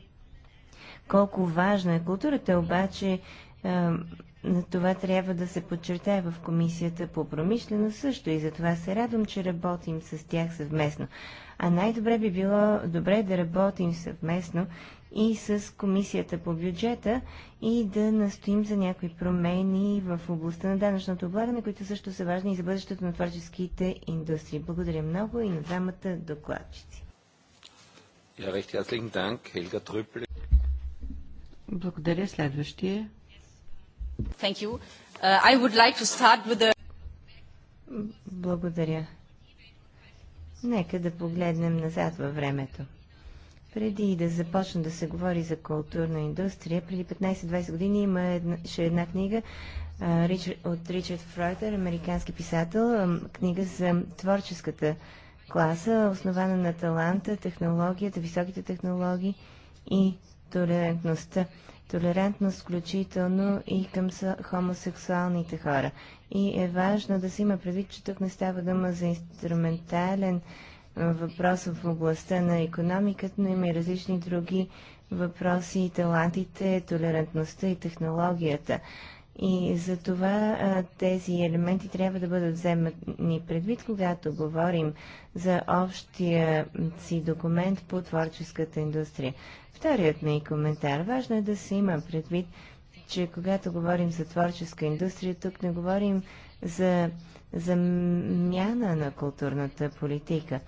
колко важна е културата, обаче на това трябва да се подчертае в Комисията по промишлено също и затова се радвам, че работим с тях съвместно. А най-добре би било добре да работим съвместно и с Комисията по бюджета и да настоим за някои промени в областта на данъчното облагане, които също са важни и за бъдещето на творческите индустрии. Благодаря много и на двамата докладчици. Благодаря. Следващия. Thank you. Uh, I would like to start with the... Благодаря. Нека да погледнем назад във времето. Преди да започна да се говори за културна индустрия, преди 15-20 години има една, ще е една книга от Ричард Фройтер, американски писател, книга за творческата класа, основана на таланта, технологията, високите технологии и толерантността толерантност, включително и към хомосексуалните хора. И е важно да се има предвид, че тук не става дума за инструментален въпрос в областта на економиката, но има и различни други въпроси и талантите, толерантността и технологията. И за това а, тези елементи трябва да бъдат вземани предвид, когато говорим за общия си документ по творческата индустрия. Вторият ми коментар. Важно е да се има предвид, че когато говорим за творческа индустрия, тук не говорим за замяна на културната политика.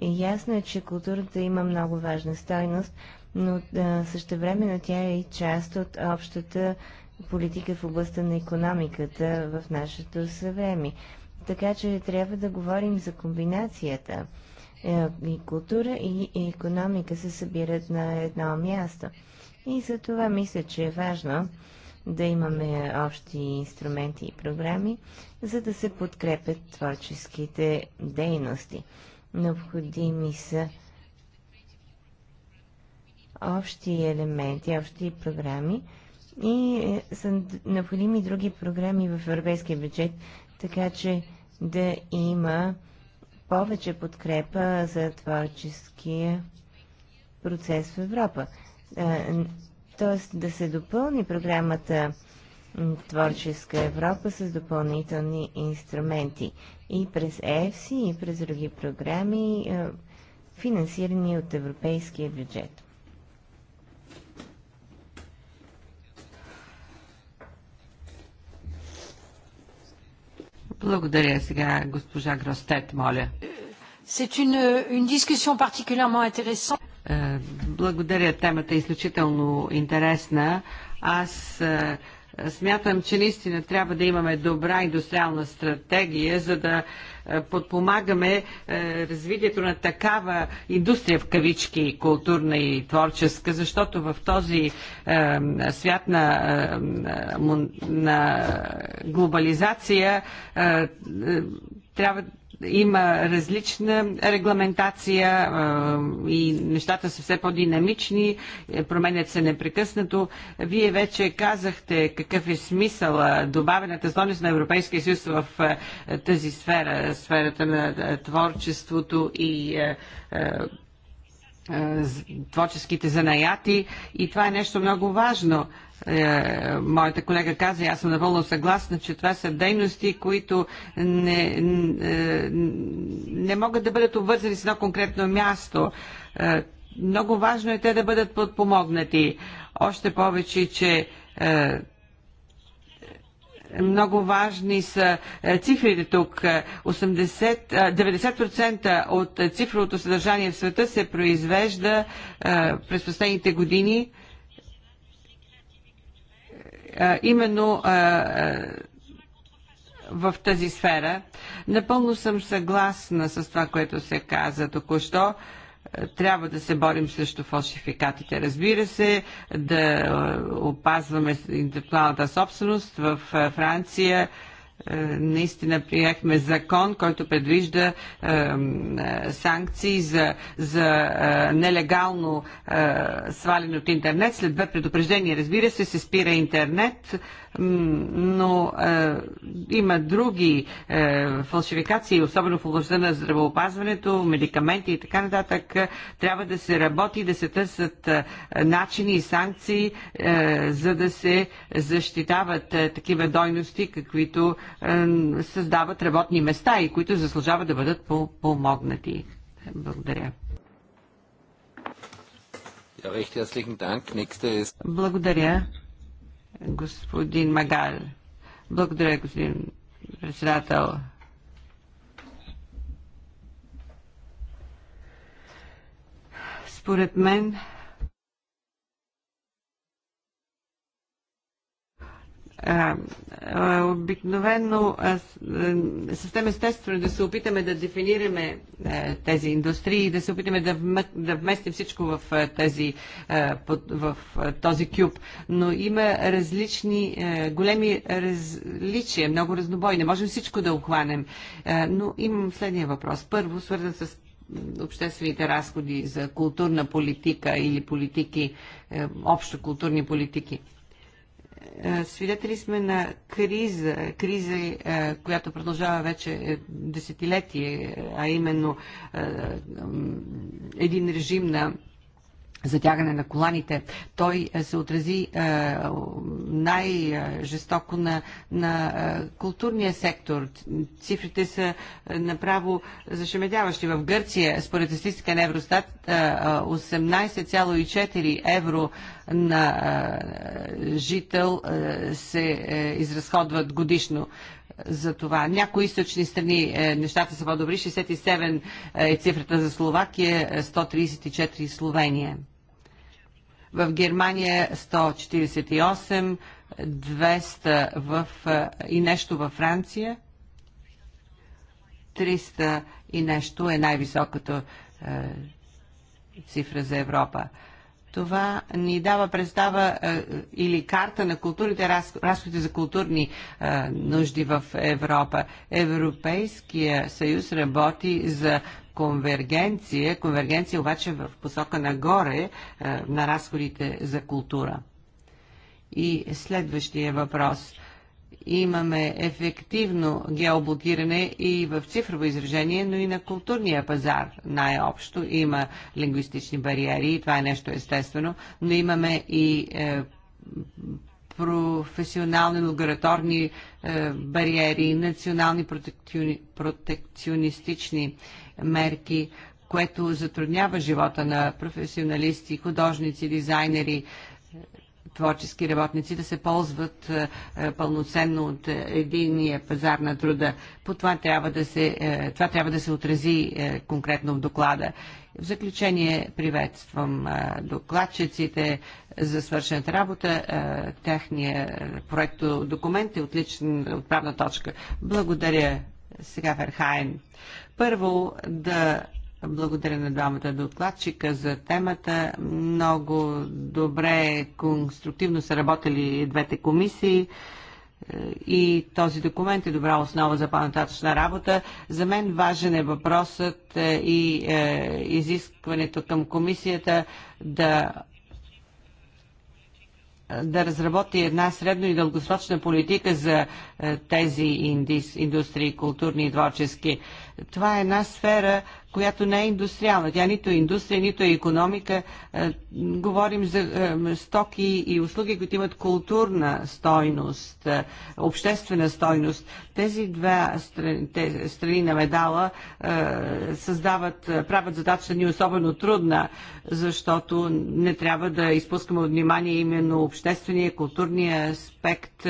И ясно е, че културата има много важна стойност, но а, същевременно тя е и част от общата политика в областта на економиката в нашето съвреме. Така че трябва да говорим за комбинацията. Е, и култура и економика се събират на едно място. И за това мисля, че е важно да имаме общи инструменти и програми, за да се подкрепят творческите дейности. Необходими са общи елементи, общи програми, и е, са необходими други програми в европейския бюджет, така че да има повече подкрепа за творческия процес в Европа. Е, тоест да се допълни програмата Творческа Европа с допълнителни инструменти и през ЕФСИ, и през други програми, е, финансирани от европейския бюджет. Благодаря сега, госпожа Гростет, моля. C'est une, une discussion particulièrement intéressante. Uh, Благодаря, темата е изключително интересна. Аз uh, Смятам, че наистина трябва да имаме добра индустриална стратегия, за да е, подпомагаме е, развитието на такава индустрия в кавички, културна и творческа, защото в този е, свят на, на глобализация трябва има различна регламентация и нещата са все по-динамични, е, променят се непрекъснато. Вие вече казахте какъв е смисъл добавената стойност на Европейския съюз в тази сфера, сферата на творчеството и е, творческите занаяти и това е нещо много важно. Е, моята колега каза, и аз съм напълно съгласна, че това са дейности, които не, е, не могат да бъдат обвързани с едно конкретно място. Много важно е те да бъдат подпомогнати. Още повече, че много важни са е, цифрите тук. 80, е, 90% е, от цифровото съдържание в света се произвежда през последните години именно в тази сфера. Напълно съм съгласна с това, което се каза току-що трябва да се борим срещу фалшификатите. Разбира се, да е, опазваме интелектуалната собственост в е, Франция. Е, наистина приехме закон, който предвижда санкции за, за нелегално сваляне от интернет. След две предупреждения, разбира се, се спира интернет но е, има други е, фалшификации, особено в областта на здравеопазването, медикаменти и така нататък. Трябва да се работи, да се търсят е, начини и санкции, е, за да се защитават е, такива дойности, каквито е, създават работни места и които заслужават да бъдат помогнати. Благодаря. Благодаря господин Магал. Благодаря, господин председател. Според мен Обикновено съвсем естествено да се опитаме да дефинираме тези индустрии да се опитаме да, вместим всичко в, тези, в този кюб. Но има различни, големи различия, много разнобой. Не можем всичко да охванем. Но имам следния въпрос. Първо, свързан с обществените разходи за културна политика или политики, е, общо културни политики свидетели сме на криза, криза, е, която продължава вече десетилетие, а именно е, един режим на затягане на коланите. Той е, се отрази е, най-жестоко на, на е, културния сектор. Цифрите са е, направо зашемедяващи. В Гърция, според статистика на Евростат, 18,4 евро на жител се изразходват годишно за това. Някои източни страни нещата са по-добри. 67 е цифрата за Словакия, 134 Словения в Германия 148, 200 в, и нещо във Франция, 300 и нещо е най-високата е, цифра за Европа. Това ни дава представа е, или карта на културите, раз, разходите за културни е, нужди в Европа. Европейския съюз работи за конвергенция, конвергенция обаче в посока нагоре е, на разходите за култура. И следващия въпрос. Имаме ефективно геоблокиране и в цифрово изражение, но и на културния пазар най-общо. Има лингвистични бариери и това е нещо естествено, но имаме и е, професионални лабораторни е, бариери, национални протекционистични мерки, което затруднява живота на професионалисти, художници, дизайнери, е, творчески работници да се ползват е, пълноценно от единния пазар на труда. По това трябва да се, това трябва да се отрази конкретно в доклада. В заключение приветствам докладчиците за свършената работа. Техния проекто документ е отличен отправна точка. Благодаря сега Верхайн. Първо да благодаря на двамата докладчика за темата. Много добре, конструктивно са работили двете комисии и този документ е добра основа за по-нататъчна работа. За мен важен е въпросът е, и е, изискването към комисията да да разработи една средно и дългосрочна политика за е, тези индустрии, културни и творчески това е една сфера, която не е индустриална. Тя нито е индустрия, нито е економика. Е, говорим за е, стоки и услуги, които имат културна стойност, е, обществена стойност. Тези две страни, на медала създават, правят задача ни особено трудна, защото не трябва да изпускаме от внимание именно обществения, културния аспект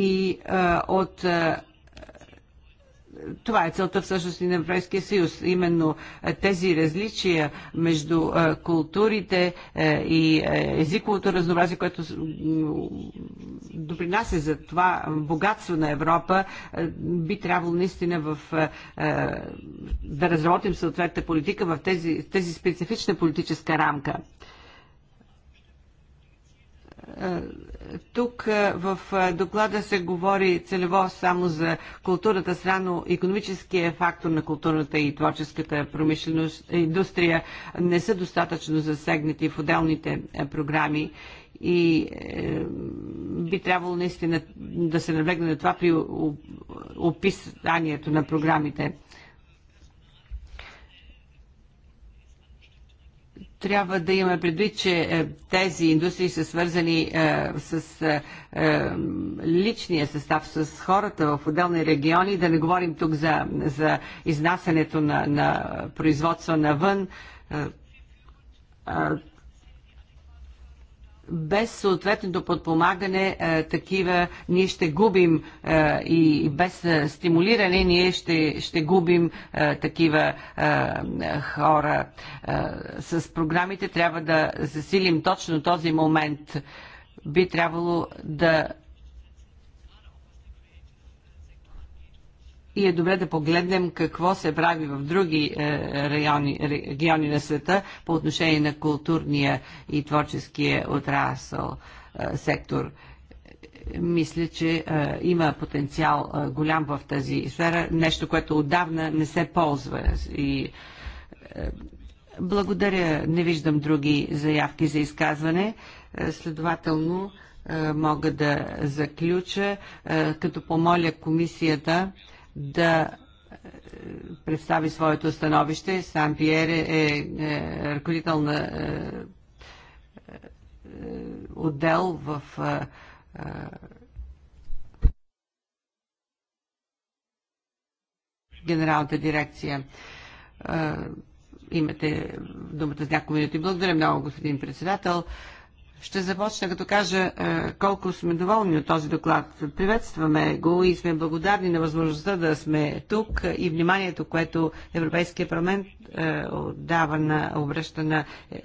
и а, от а, това е целта всъщност и на Европейския съюз. Именно тези различия между културите и езиковото разнообразие, което допринася за това богатство на Европа, би трябвало наистина в, да разработим съответната политика в тези, тези специфична политическа рамка тук е, в е, доклада се говори целево само за културата, срано економическия фактор на културната и творческата промишленост, индустрия не са достатъчно засегнати в отделните е, програми и би трябвало наистина да се наблегне на това при описанието на програмите. трябва да имаме предвид, че е, тези индустрии са свързани е, с е, личния състав, с хората в отделни региони. Да не говорим тук за, за изнасянето на, на производство навън без съответното подпомагане е, такива ние ще губим е, и без е, стимулиране ние ще, ще губим такива хора. С програмите трябва да засилим точно този момент. Би трябвало да и е добре да погледнем какво се прави в други е, райони, региони на света по отношение на културния и творческия отрасъл е, сектор. Мисля, че е, има потенциал е, голям в тази сфера, нещо, което отдавна не се ползва. И, е, благодаря, не виждам други заявки за изказване. Е, следователно, е, мога да заключа, е, като помоля комисията да е, представи своето становище. Сам Пиер е, е, ръководител на е, отдел в генералната дирекция. Имате думата с няколко минути. Благодаря много, господин председател. Ще започна като кажа е, колко сме доволни от този доклад. Приветстваме го и сме благодарни на възможността да сме тук и вниманието, което Европейския парламент е, дава на обръща на е,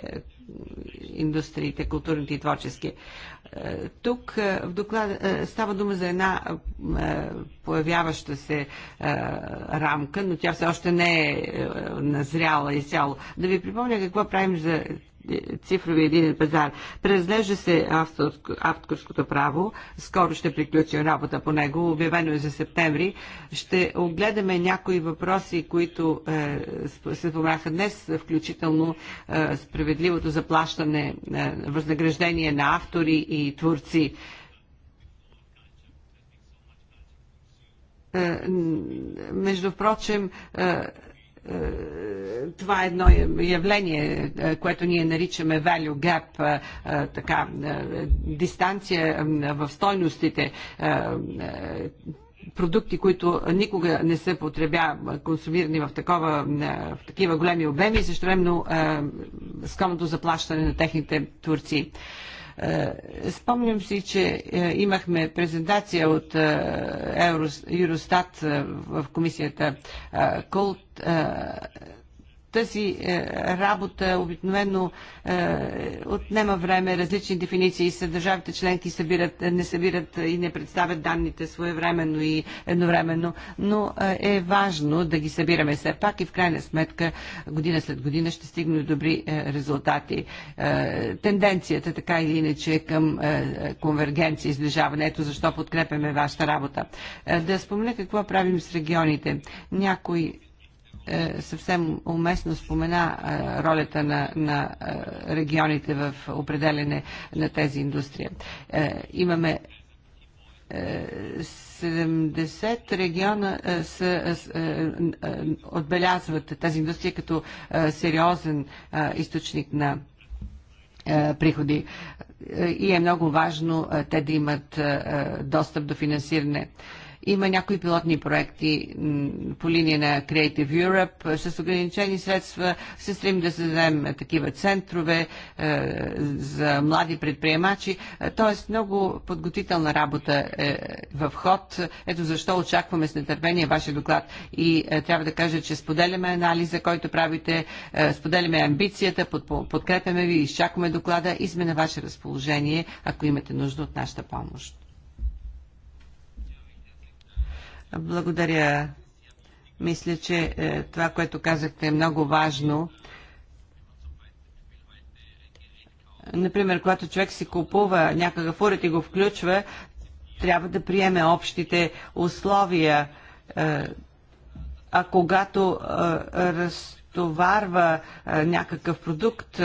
индустриите, културните и творчески. Тук в доклада става дума за една появяваща се рамка, но тя все още не е назряла изцяло. Да ви припомня какво правим за цифрови един пазар. Преразглежда се авторското право. Скоро ще приключи работа по него. Обявено е за септември. Ще огледаме някои въпроси, които е, се споменаха днес, включително е, справедливото заплащане, е, възнаграждение на автори и творци. Е, между прочим, е, е, това е едно явление, е, което ние наричаме value gap, е, така, дистанция в стойностите продукти, които никога не са потребя, консумирани в, такова, в такива големи обеми, също времено скромното заплащане на техните турци. Е, спомням си, че е, имахме презентация от е, Евростат в комисията Култ тази е, работа обикновено е, отнема време, различни дефиниции са държавите членки събират, не събират и не представят данните своевременно и едновременно, но е, е важно да ги събираме все пак и в крайна сметка година след година ще стигнем добри е, резултати. Е, тенденцията така или иначе е към е, конвергенция, излежаването, защо подкрепяме вашата работа. Е, да спомена какво правим с регионите. Някои е, съвсем уместно спомена е, ролята на, на е, регионите в определене на тези индустрия. Имаме 70 региона са, отбелязват тази индустрия като сериозен източник на приходи и е много важно те да имат достъп до финансиране. Има някои пилотни проекти по линия на Creative Europe. Е, с ограничени средства се стремим да създадем е, такива центрове е, за млади предприемачи. Тоест много подготителна работа е в ход. Ето защо очакваме с нетърпение вашия доклад. И трябва да кажа, че споделяме анализа, който правите, споделяме амбицията, подкрепяме ви, изчакваме доклада и сме на ваше разположение, ако имате нужда от нашата помощ. Благодаря. Мисля, че е, това, което казахте е много важно. Например, когато човек си купува някакъв уред и го включва, трябва да приеме общите условия. Е, а когато е, разтоварва някакъв продукт,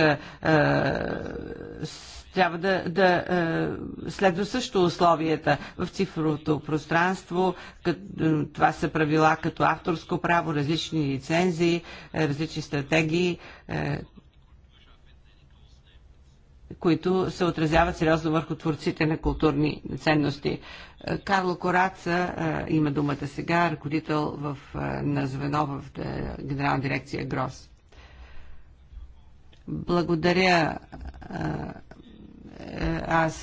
трябва да, да е, следва също условията в цифровото пространство. Като, е, това са правила като авторско право, различни лицензии, е, различни стратегии, е, които се отразяват сериозно върху творците на културни ценности. Е, Карло Кораца е, има думата сега, ръководител в, е, на звено в е, Генерална дирекция ГРОС. Благодаря. Е, аз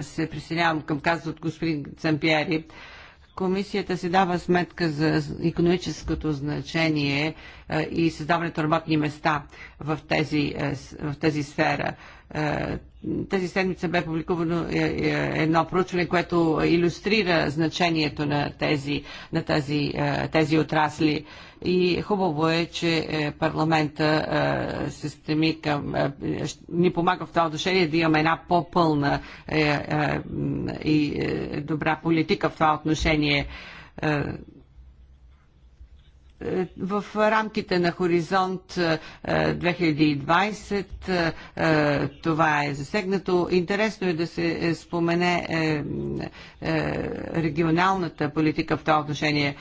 се присъединявам към каза от господин Цампиери. Комисията се дава сметка за економическото значение и създаването на работни места в тези, в тези сфера. Е, тази седмица бе публикувано е, е, едно проучване, което иллюстрира значението на тези, на тази, тези отрасли. И хубаво е, че парламента се стреми към, ни помага в това отношение да имаме една по-пълна и добра политика в това отношение е, в рамките на Хоризонт 2020 е, е, това е засегнато. Интересно е да се спомене регионалната политика в това отношение.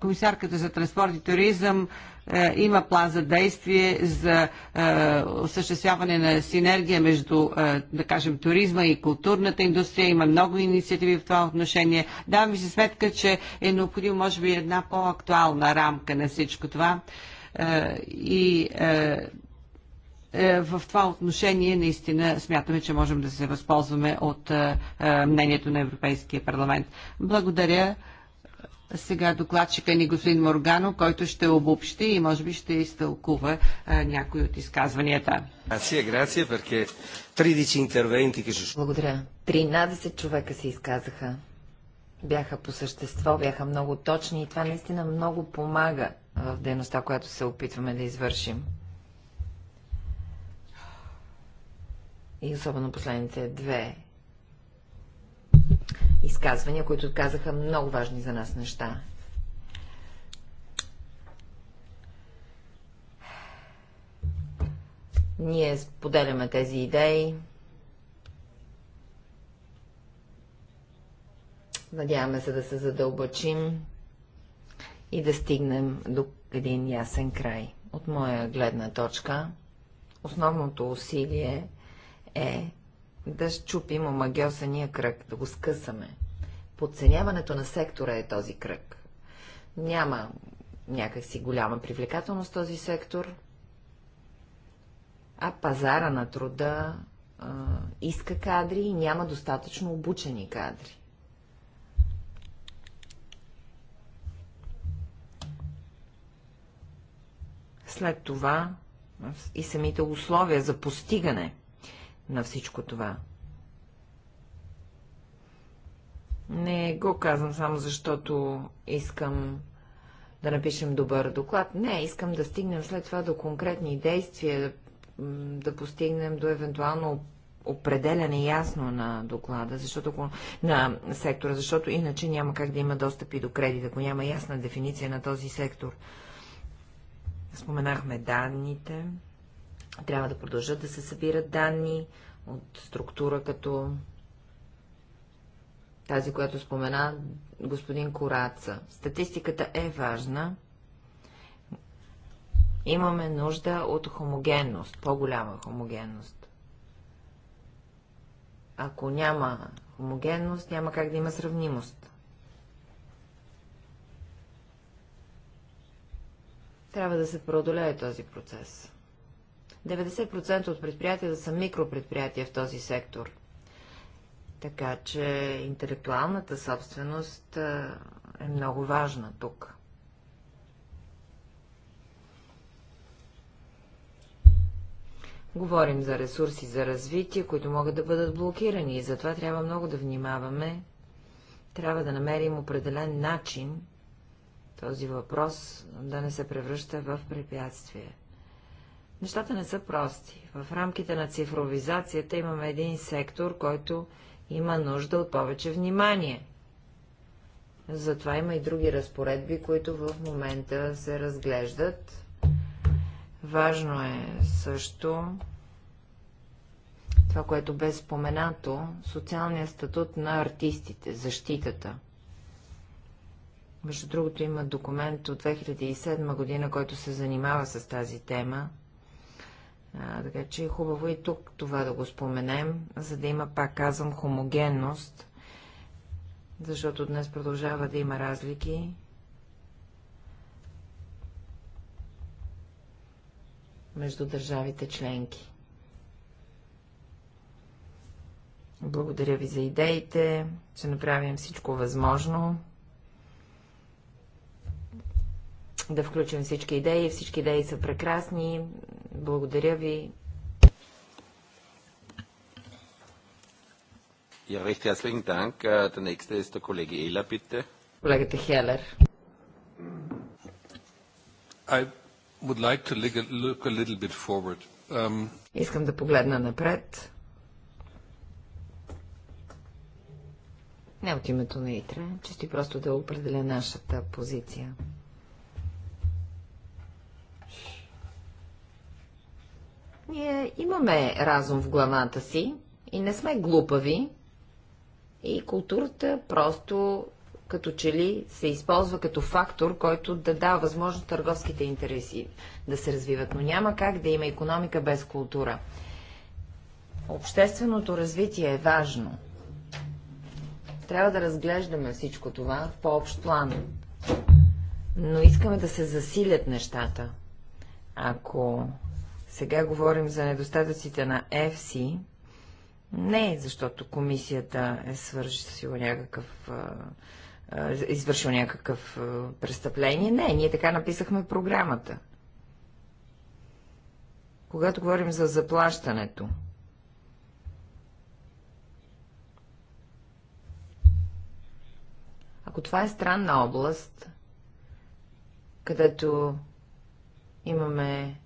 Комисарката за транспорт и туризъм е, има план за действие за е, осъществяване на синергия между, е, да кажем, туризма и културната индустрия. Има много инициативи в това отношение. Давам ми се сметка, че е необходимо, може би, една по-актуална рамка на всичко това. И в това отношение наистина смятаме, че можем да се възползваме от мнението на Европейския парламент. Благодаря сега докладчика ни господин Моргано, който ще обобщи и може би ще изтълкува някои от изказванията. грация, Благодаря. 13 човека се изказаха. Бяха по същество, бяха много точни и това наистина много помага в дейността, която се опитваме да извършим. И особено последните две изказвания, които казаха много важни за нас неща. Ние споделяме тези идеи. Надяваме се да се задълбачим и да стигнем до един ясен край. От моя гледна точка, основното усилие е да щупим омагиосания кръг, да го скъсаме. Подценяването на сектора е този кръг. Няма някакси голяма привлекателност този сектор, а пазара на труда а, иска кадри и няма достатъчно обучени кадри. След това и самите условия за постигане – на всичко това. Не го казвам само защото искам да напишем добър доклад. Не, искам да стигнем след това до конкретни действия, да постигнем до евентуално определяне ясно на доклада, защото, на сектора, защото иначе няма как да има достъп и до кредит, ако няма ясна дефиниция на този сектор. Споменахме данните, трябва да продължат да се събират данни от структура като тази, която спомена господин Кораца. Статистиката е важна. Имаме нужда от хомогенност, по-голяма хомогенност. Ако няма хомогенност, няма как да има сравнимост. Трябва да се преодолее този процес. 90% от предприятията са микропредприятия в този сектор. Така че интелектуалната собственост е много важна тук. Говорим за ресурси за развитие, които могат да бъдат блокирани и затова трябва много да внимаваме. Трябва да намерим определен начин този въпрос да не се превръща в препятствие. Нещата не са прости. В рамките на цифровизацията имаме един сектор, който има нужда от повече внимание. Затова има и други разпоредби, които в момента се разглеждат. Важно е също това, което бе споменато, социалния статут на артистите, защитата. Между другото има документ от 2007 година, който се занимава с тази тема. А, така че е хубаво и тук това да го споменем, за да има, пак казвам, хомогенност, защото днес продължава да има разлики. между държавите членки. Благодаря ви за идеите, ще направим всичко възможно. Да включим всички идеи. Всички идеи са прекрасни. Благодаря ви. Ja, recht herzlichen Dank. Der nächste ist der Kollege Ehler, bitte. Kollege Tichler. I would like to look a little bit forward. Um... Искам да погледна напред. Не от името на ИТРЕ, чисто просто да определя нашата позиция. Ние имаме разум в главата си и не сме глупави. И културата просто като че ли се използва като фактор, който да дава възможност търговските интереси да се развиват. Но няма как да има економика без култура. Общественото развитие е важно. Трябва да разглеждаме всичко това в по-общ план. Но искаме да се засилят нещата. Ако сега говорим за недостатъците на ЕФСИ, не защото комисията е свършила някакъв извършил някакъв престъпление. Не, ние така написахме програмата. Когато говорим за заплащането, ако това е странна област, където имаме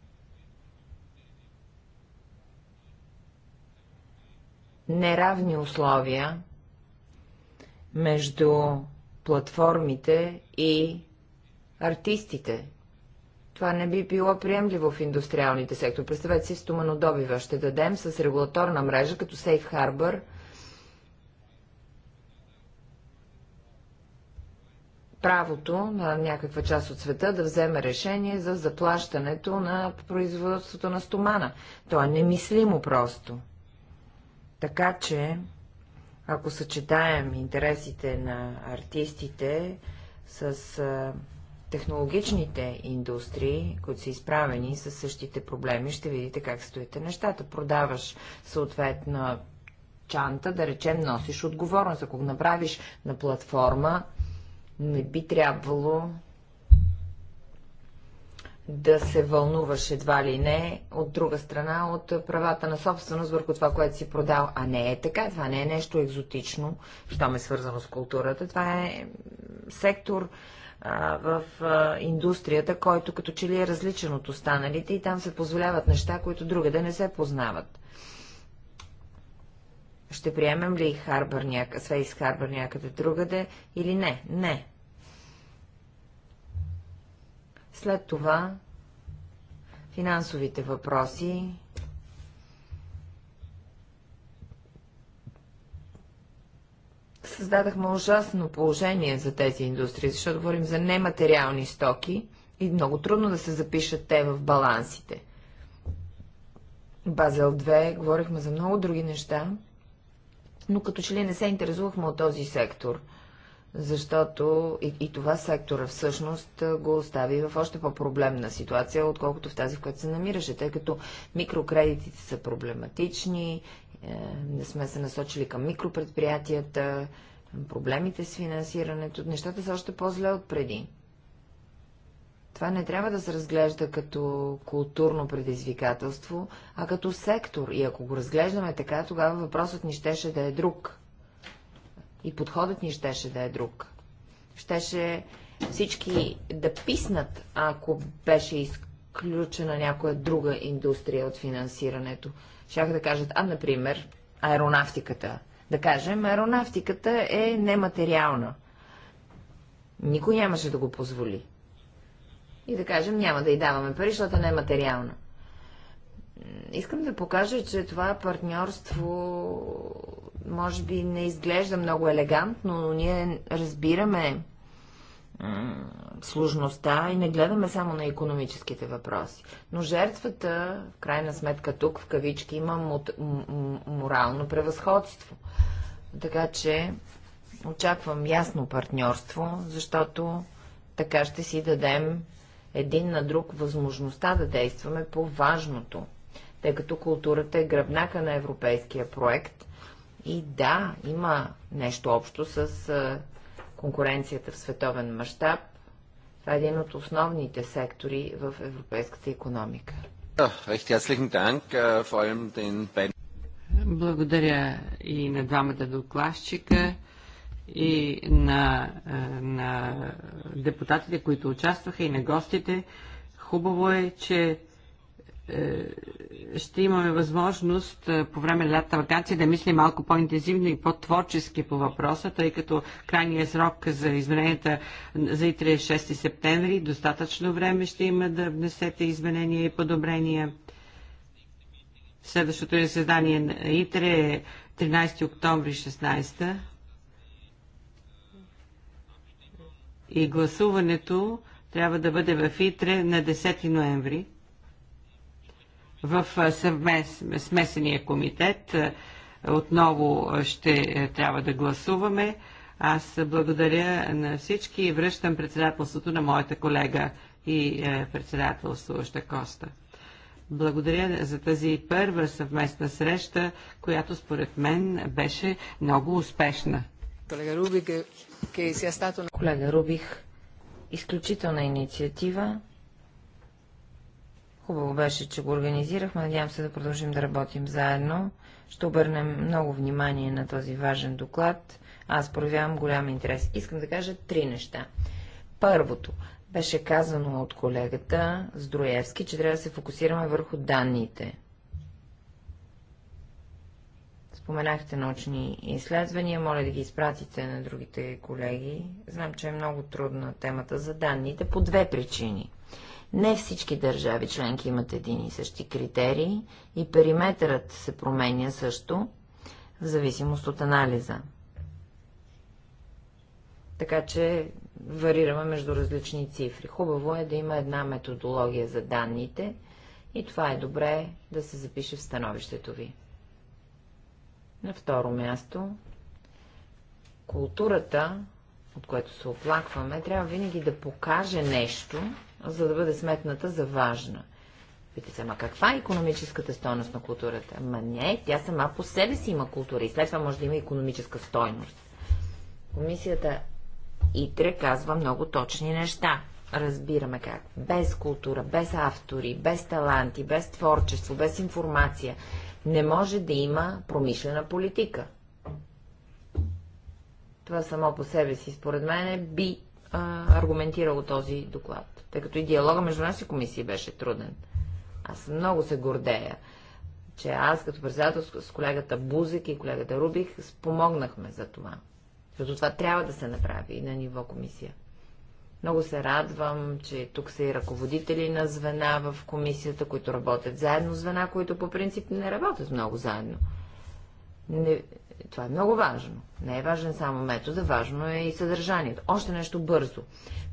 неравни условия между платформите и артистите. Това не би било приемливо в индустриалните сектори. Представете си стоманодобива ще дадем с регулаторна мрежа като Safe Harbor. правото на някаква част от света да вземе решение за заплащането на производството на стомана. То е немислимо просто. Така че, ако съчетаем интересите на артистите с технологичните индустрии, които са изправени с същите проблеми, ще видите как стоите нещата. Продаваш съответна чанта, да речем, носиш отговорност. Ако го направиш на платформа, не би трябвало да се вълнуваш едва ли не, от друга страна, от правата на собственост върху това, което си продал. А не е така, това не е нещо екзотично, що ме свързано с културата. Това е сектор а, в а, индустрията, който като че ли е различен от останалите и там се позволяват неща, които другаде не се познават. Ще приемем ли Харбър няка, Свейс Харбър някъде другаде или не? Не, след това финансовите въпроси. Създадахме ужасно положение за тези индустрии, защото говорим за нематериални стоки и много трудно да се запишат те в балансите. Базел 2, говорихме за много други неща, но като че ли не се интересувахме от този сектор – защото и, и това сектора всъщност го остави в още по-проблемна ситуация, отколкото в тази, в която се намираше, тъй като микрокредитите са проблематични, е, не сме се насочили към микропредприятията, проблемите с финансирането, нещата са още по-зле от преди. Това не трябва да се разглежда като културно предизвикателство, а като сектор. И ако го разглеждаме така, тогава въпросът ни щеше да е друг. И подходът ни щеше да е друг. Щеше всички да писнат, ако беше изключена някоя друга индустрия от финансирането. Щях да кажат, а, например, аеронавтиката. Да кажем, аеронавтиката е нематериална. Никой нямаше да го позволи. И да кажем, няма да й даваме пари, защото не е материална. Искам да покажа, че това партньорство може би не изглежда много елегантно, но ние разбираме сложността и не гледаме само на економическите въпроси. Но жертвата, в крайна сметка тук, в кавички, има морално превъзходство. Така че очаквам ясно партньорство, защото така ще си дадем един на друг възможността да действаме по важното, тъй като културата е гръбнака на европейския проект и да, има нещо общо с конкуренцията в световен мащаб. Това е един от основните сектори в европейската економика. Благодаря и на двамата докладчика и на, на депутатите, които участваха и на гостите. Хубаво е, че е, ще имаме възможност е, по време на лятната вакансия да мислим малко по-интензивно и по-творчески по въпроса, тъй като крайният срок за измененията за ИТРЕ 6 е септември. Достатъчно време ще има да внесете изменения и подобрения. Следващото е създание на ИТРЕ е 13 октомври 16 и гласуването трябва да бъде в ИТРЕ на 10 ноември в съвмес, смесения комитет. Отново ще е, трябва да гласуваме. Аз благодаря на всички и връщам председателството на моята колега и е, председателстваща Коста. Благодаря за тази първа съвместна среща, която според мен беше много успешна. Колега Рубих, е, Колега Рубих изключителна инициатива. Хубаво беше, че го организирахме. Надявам се да продължим да работим заедно. Ще обърнем много внимание на този важен доклад. Аз проявявам голям интерес. Искам да кажа три неща. Първото. Беше казано от колегата Здроевски, че трябва да се фокусираме върху данните. Споменахте научни изследвания, моля да ги изпратите на другите колеги. Знам, че е много трудна темата за данните по две причини – не всички държави членки имат един и същи критерии и периметърът се променя също, в зависимост от анализа. Така че варираме между различни цифри. Хубаво е да има една методология за данните и това е добре да се запише в становището ви. На второ място, културата, от което се оплакваме, трябва винаги да покаже нещо, за да бъде сметната за важна. Пита се, ама каква е економическата стойност на културата? Ма не, тя сама по себе си има култура и след това може да има економическа стойност. Комисията ИТРЕ казва много точни неща. Разбираме как. Без култура, без автори, без таланти, без творчество, без информация не може да има промишлена политика. Това само по себе си, според мен, би а, аргументирало този доклад, тъй като и диалога между нас и комисии беше труден. Аз много се гордея, че аз като председател с колегата Бузик и колегата Рубих спомогнахме за това. Защото това трябва да се направи и на ниво комисия. Много се радвам, че тук са и ръководители на звена в комисията, които работят заедно, звена, които по принцип не работят много заедно. Не, това е много важно. Не е важен само метода, важно е и съдържанието. Още нещо бързо.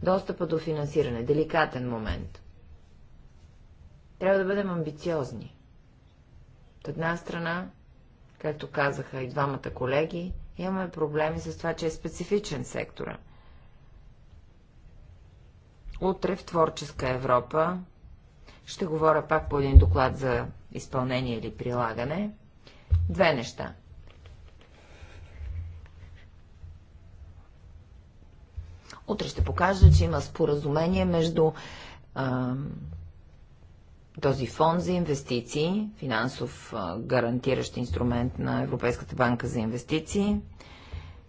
Достъпа до финансиране. Деликатен момент. Трябва да бъдем амбициозни. От една страна, както казаха и двамата колеги, имаме проблеми с това, че е специфичен сектора. Утре в Творческа Европа ще говоря пак по един доклад за изпълнение или прилагане. Две неща – Утре ще покажа, че има споразумение между а, този фонд за инвестиции, финансов а, гарантиращ инструмент на Европейската банка за инвестиции,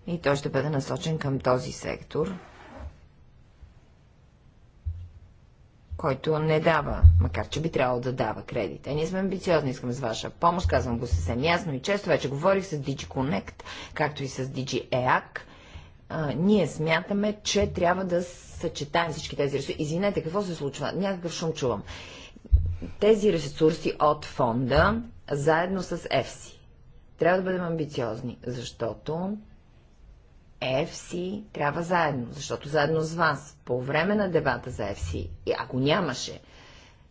и той ще бъде насочен към този сектор, който не дава, макар че би трябвало да дава кредит. Е, ние сме амбициозни, искаме с ваша помощ, казвам го съвсем ясно и често. Вече говорих с DigiConnect, както и с DigiEAC а, ние смятаме, че трябва да съчетаем всички тези ресурси. Извинете, какво се случва? Някакъв шум чувам. Тези ресурси от фонда, заедно с ЕФСИ. Трябва да бъдем амбициозни, защото ЕФСИ трябва заедно, защото заедно с вас, по време на дебата за ЕФСИ, и ако нямаше,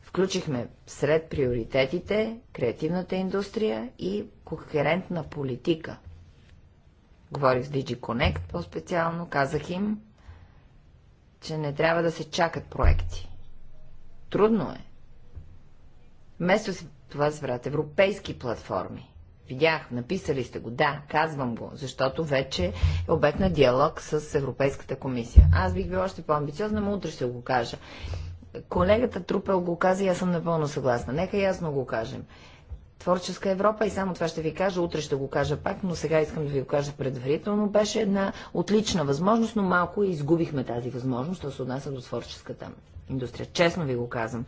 включихме сред приоритетите креативната индустрия и кохерентна политика – Говорих с DigiConnect по-специално, казах им, че не трябва да се чакат проекти. Трудно е. Вместо си това врат, европейски платформи. Видях, написали сте го, да, казвам го, защото вече е обект на диалог с Европейската комисия. Аз бих била още по-амбициозна, но утре ще го кажа. Колегата Трупел го каза и аз съм напълно съгласна. Нека ясно го кажем. Творческа Европа и само това ще ви кажа, утре ще го кажа пак, но сега искам да ви го кажа предварително. Беше една отлична възможност, но малко и изгубихме тази възможност, да се отнася до творческата индустрия. Честно ви го казвам.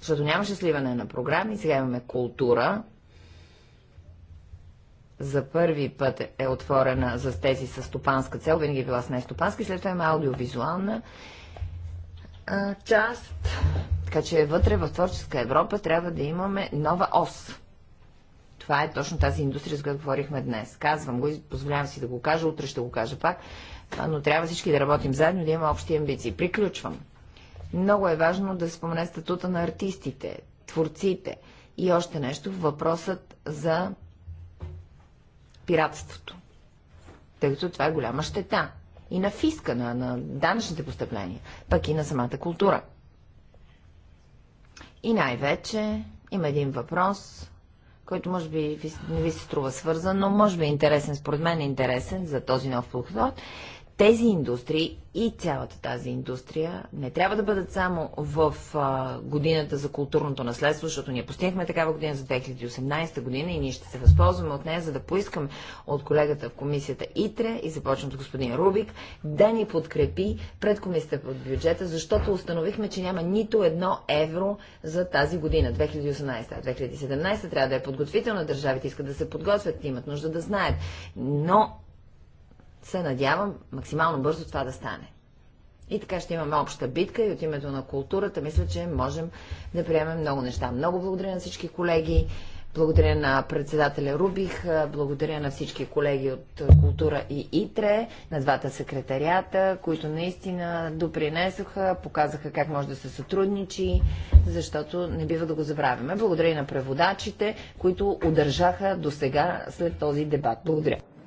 Защото нямаше сливане на програми, сега имаме култура. За първи път е отворена за тези с стопанска цел, винаги е била с най-стопански, след това има аудиовизуална а, част. Така че вътре в Творческа Европа трябва да имаме нова ос. Това е точно тази индустрия, за която говорихме днес. Казвам го и позволявам си да го кажа, утре ще го кажа пак, но трябва всички да работим заедно, да има общи амбиции. Приключвам. Много е важно да спомене статута на артистите, творците и още нещо, въпросът за пиратството. Тъй като това е голяма щета и на фиска, на, на данъчните постъпления, пък и на самата култура. И най-вече има един въпрос, който може би не ви се струва свързан, но може би е интересен, според мен е интересен за този нов подход тези индустрии и цялата тази индустрия не трябва да бъдат само в а, годината за културното наследство, защото ние постигнахме такава година за 2018 година и ние ще се възползваме от нея, за да поискам от колегата в комисията ИТРЕ и започнат господин Рубик да ни подкрепи пред комисията под бюджета, защото установихме, че няма нито едно евро за тази година, 2018. А 2017 трябва да е подготвителна, държавите искат да се подготвят, имат нужда да знаят. Но се надявам максимално бързо това да стане. И така ще имаме обща битка и от името на културата мисля, че можем да приемем много неща. Много благодаря на всички колеги, благодаря на председателя Рубих, благодаря на всички колеги от Култура и ИТРЕ, на двата секретарията, които наистина допринесоха, показаха как може да се сътрудничи, защото не бива да го забравяме. Благодаря и на преводачите, които удържаха до сега след този дебат. Благодаря.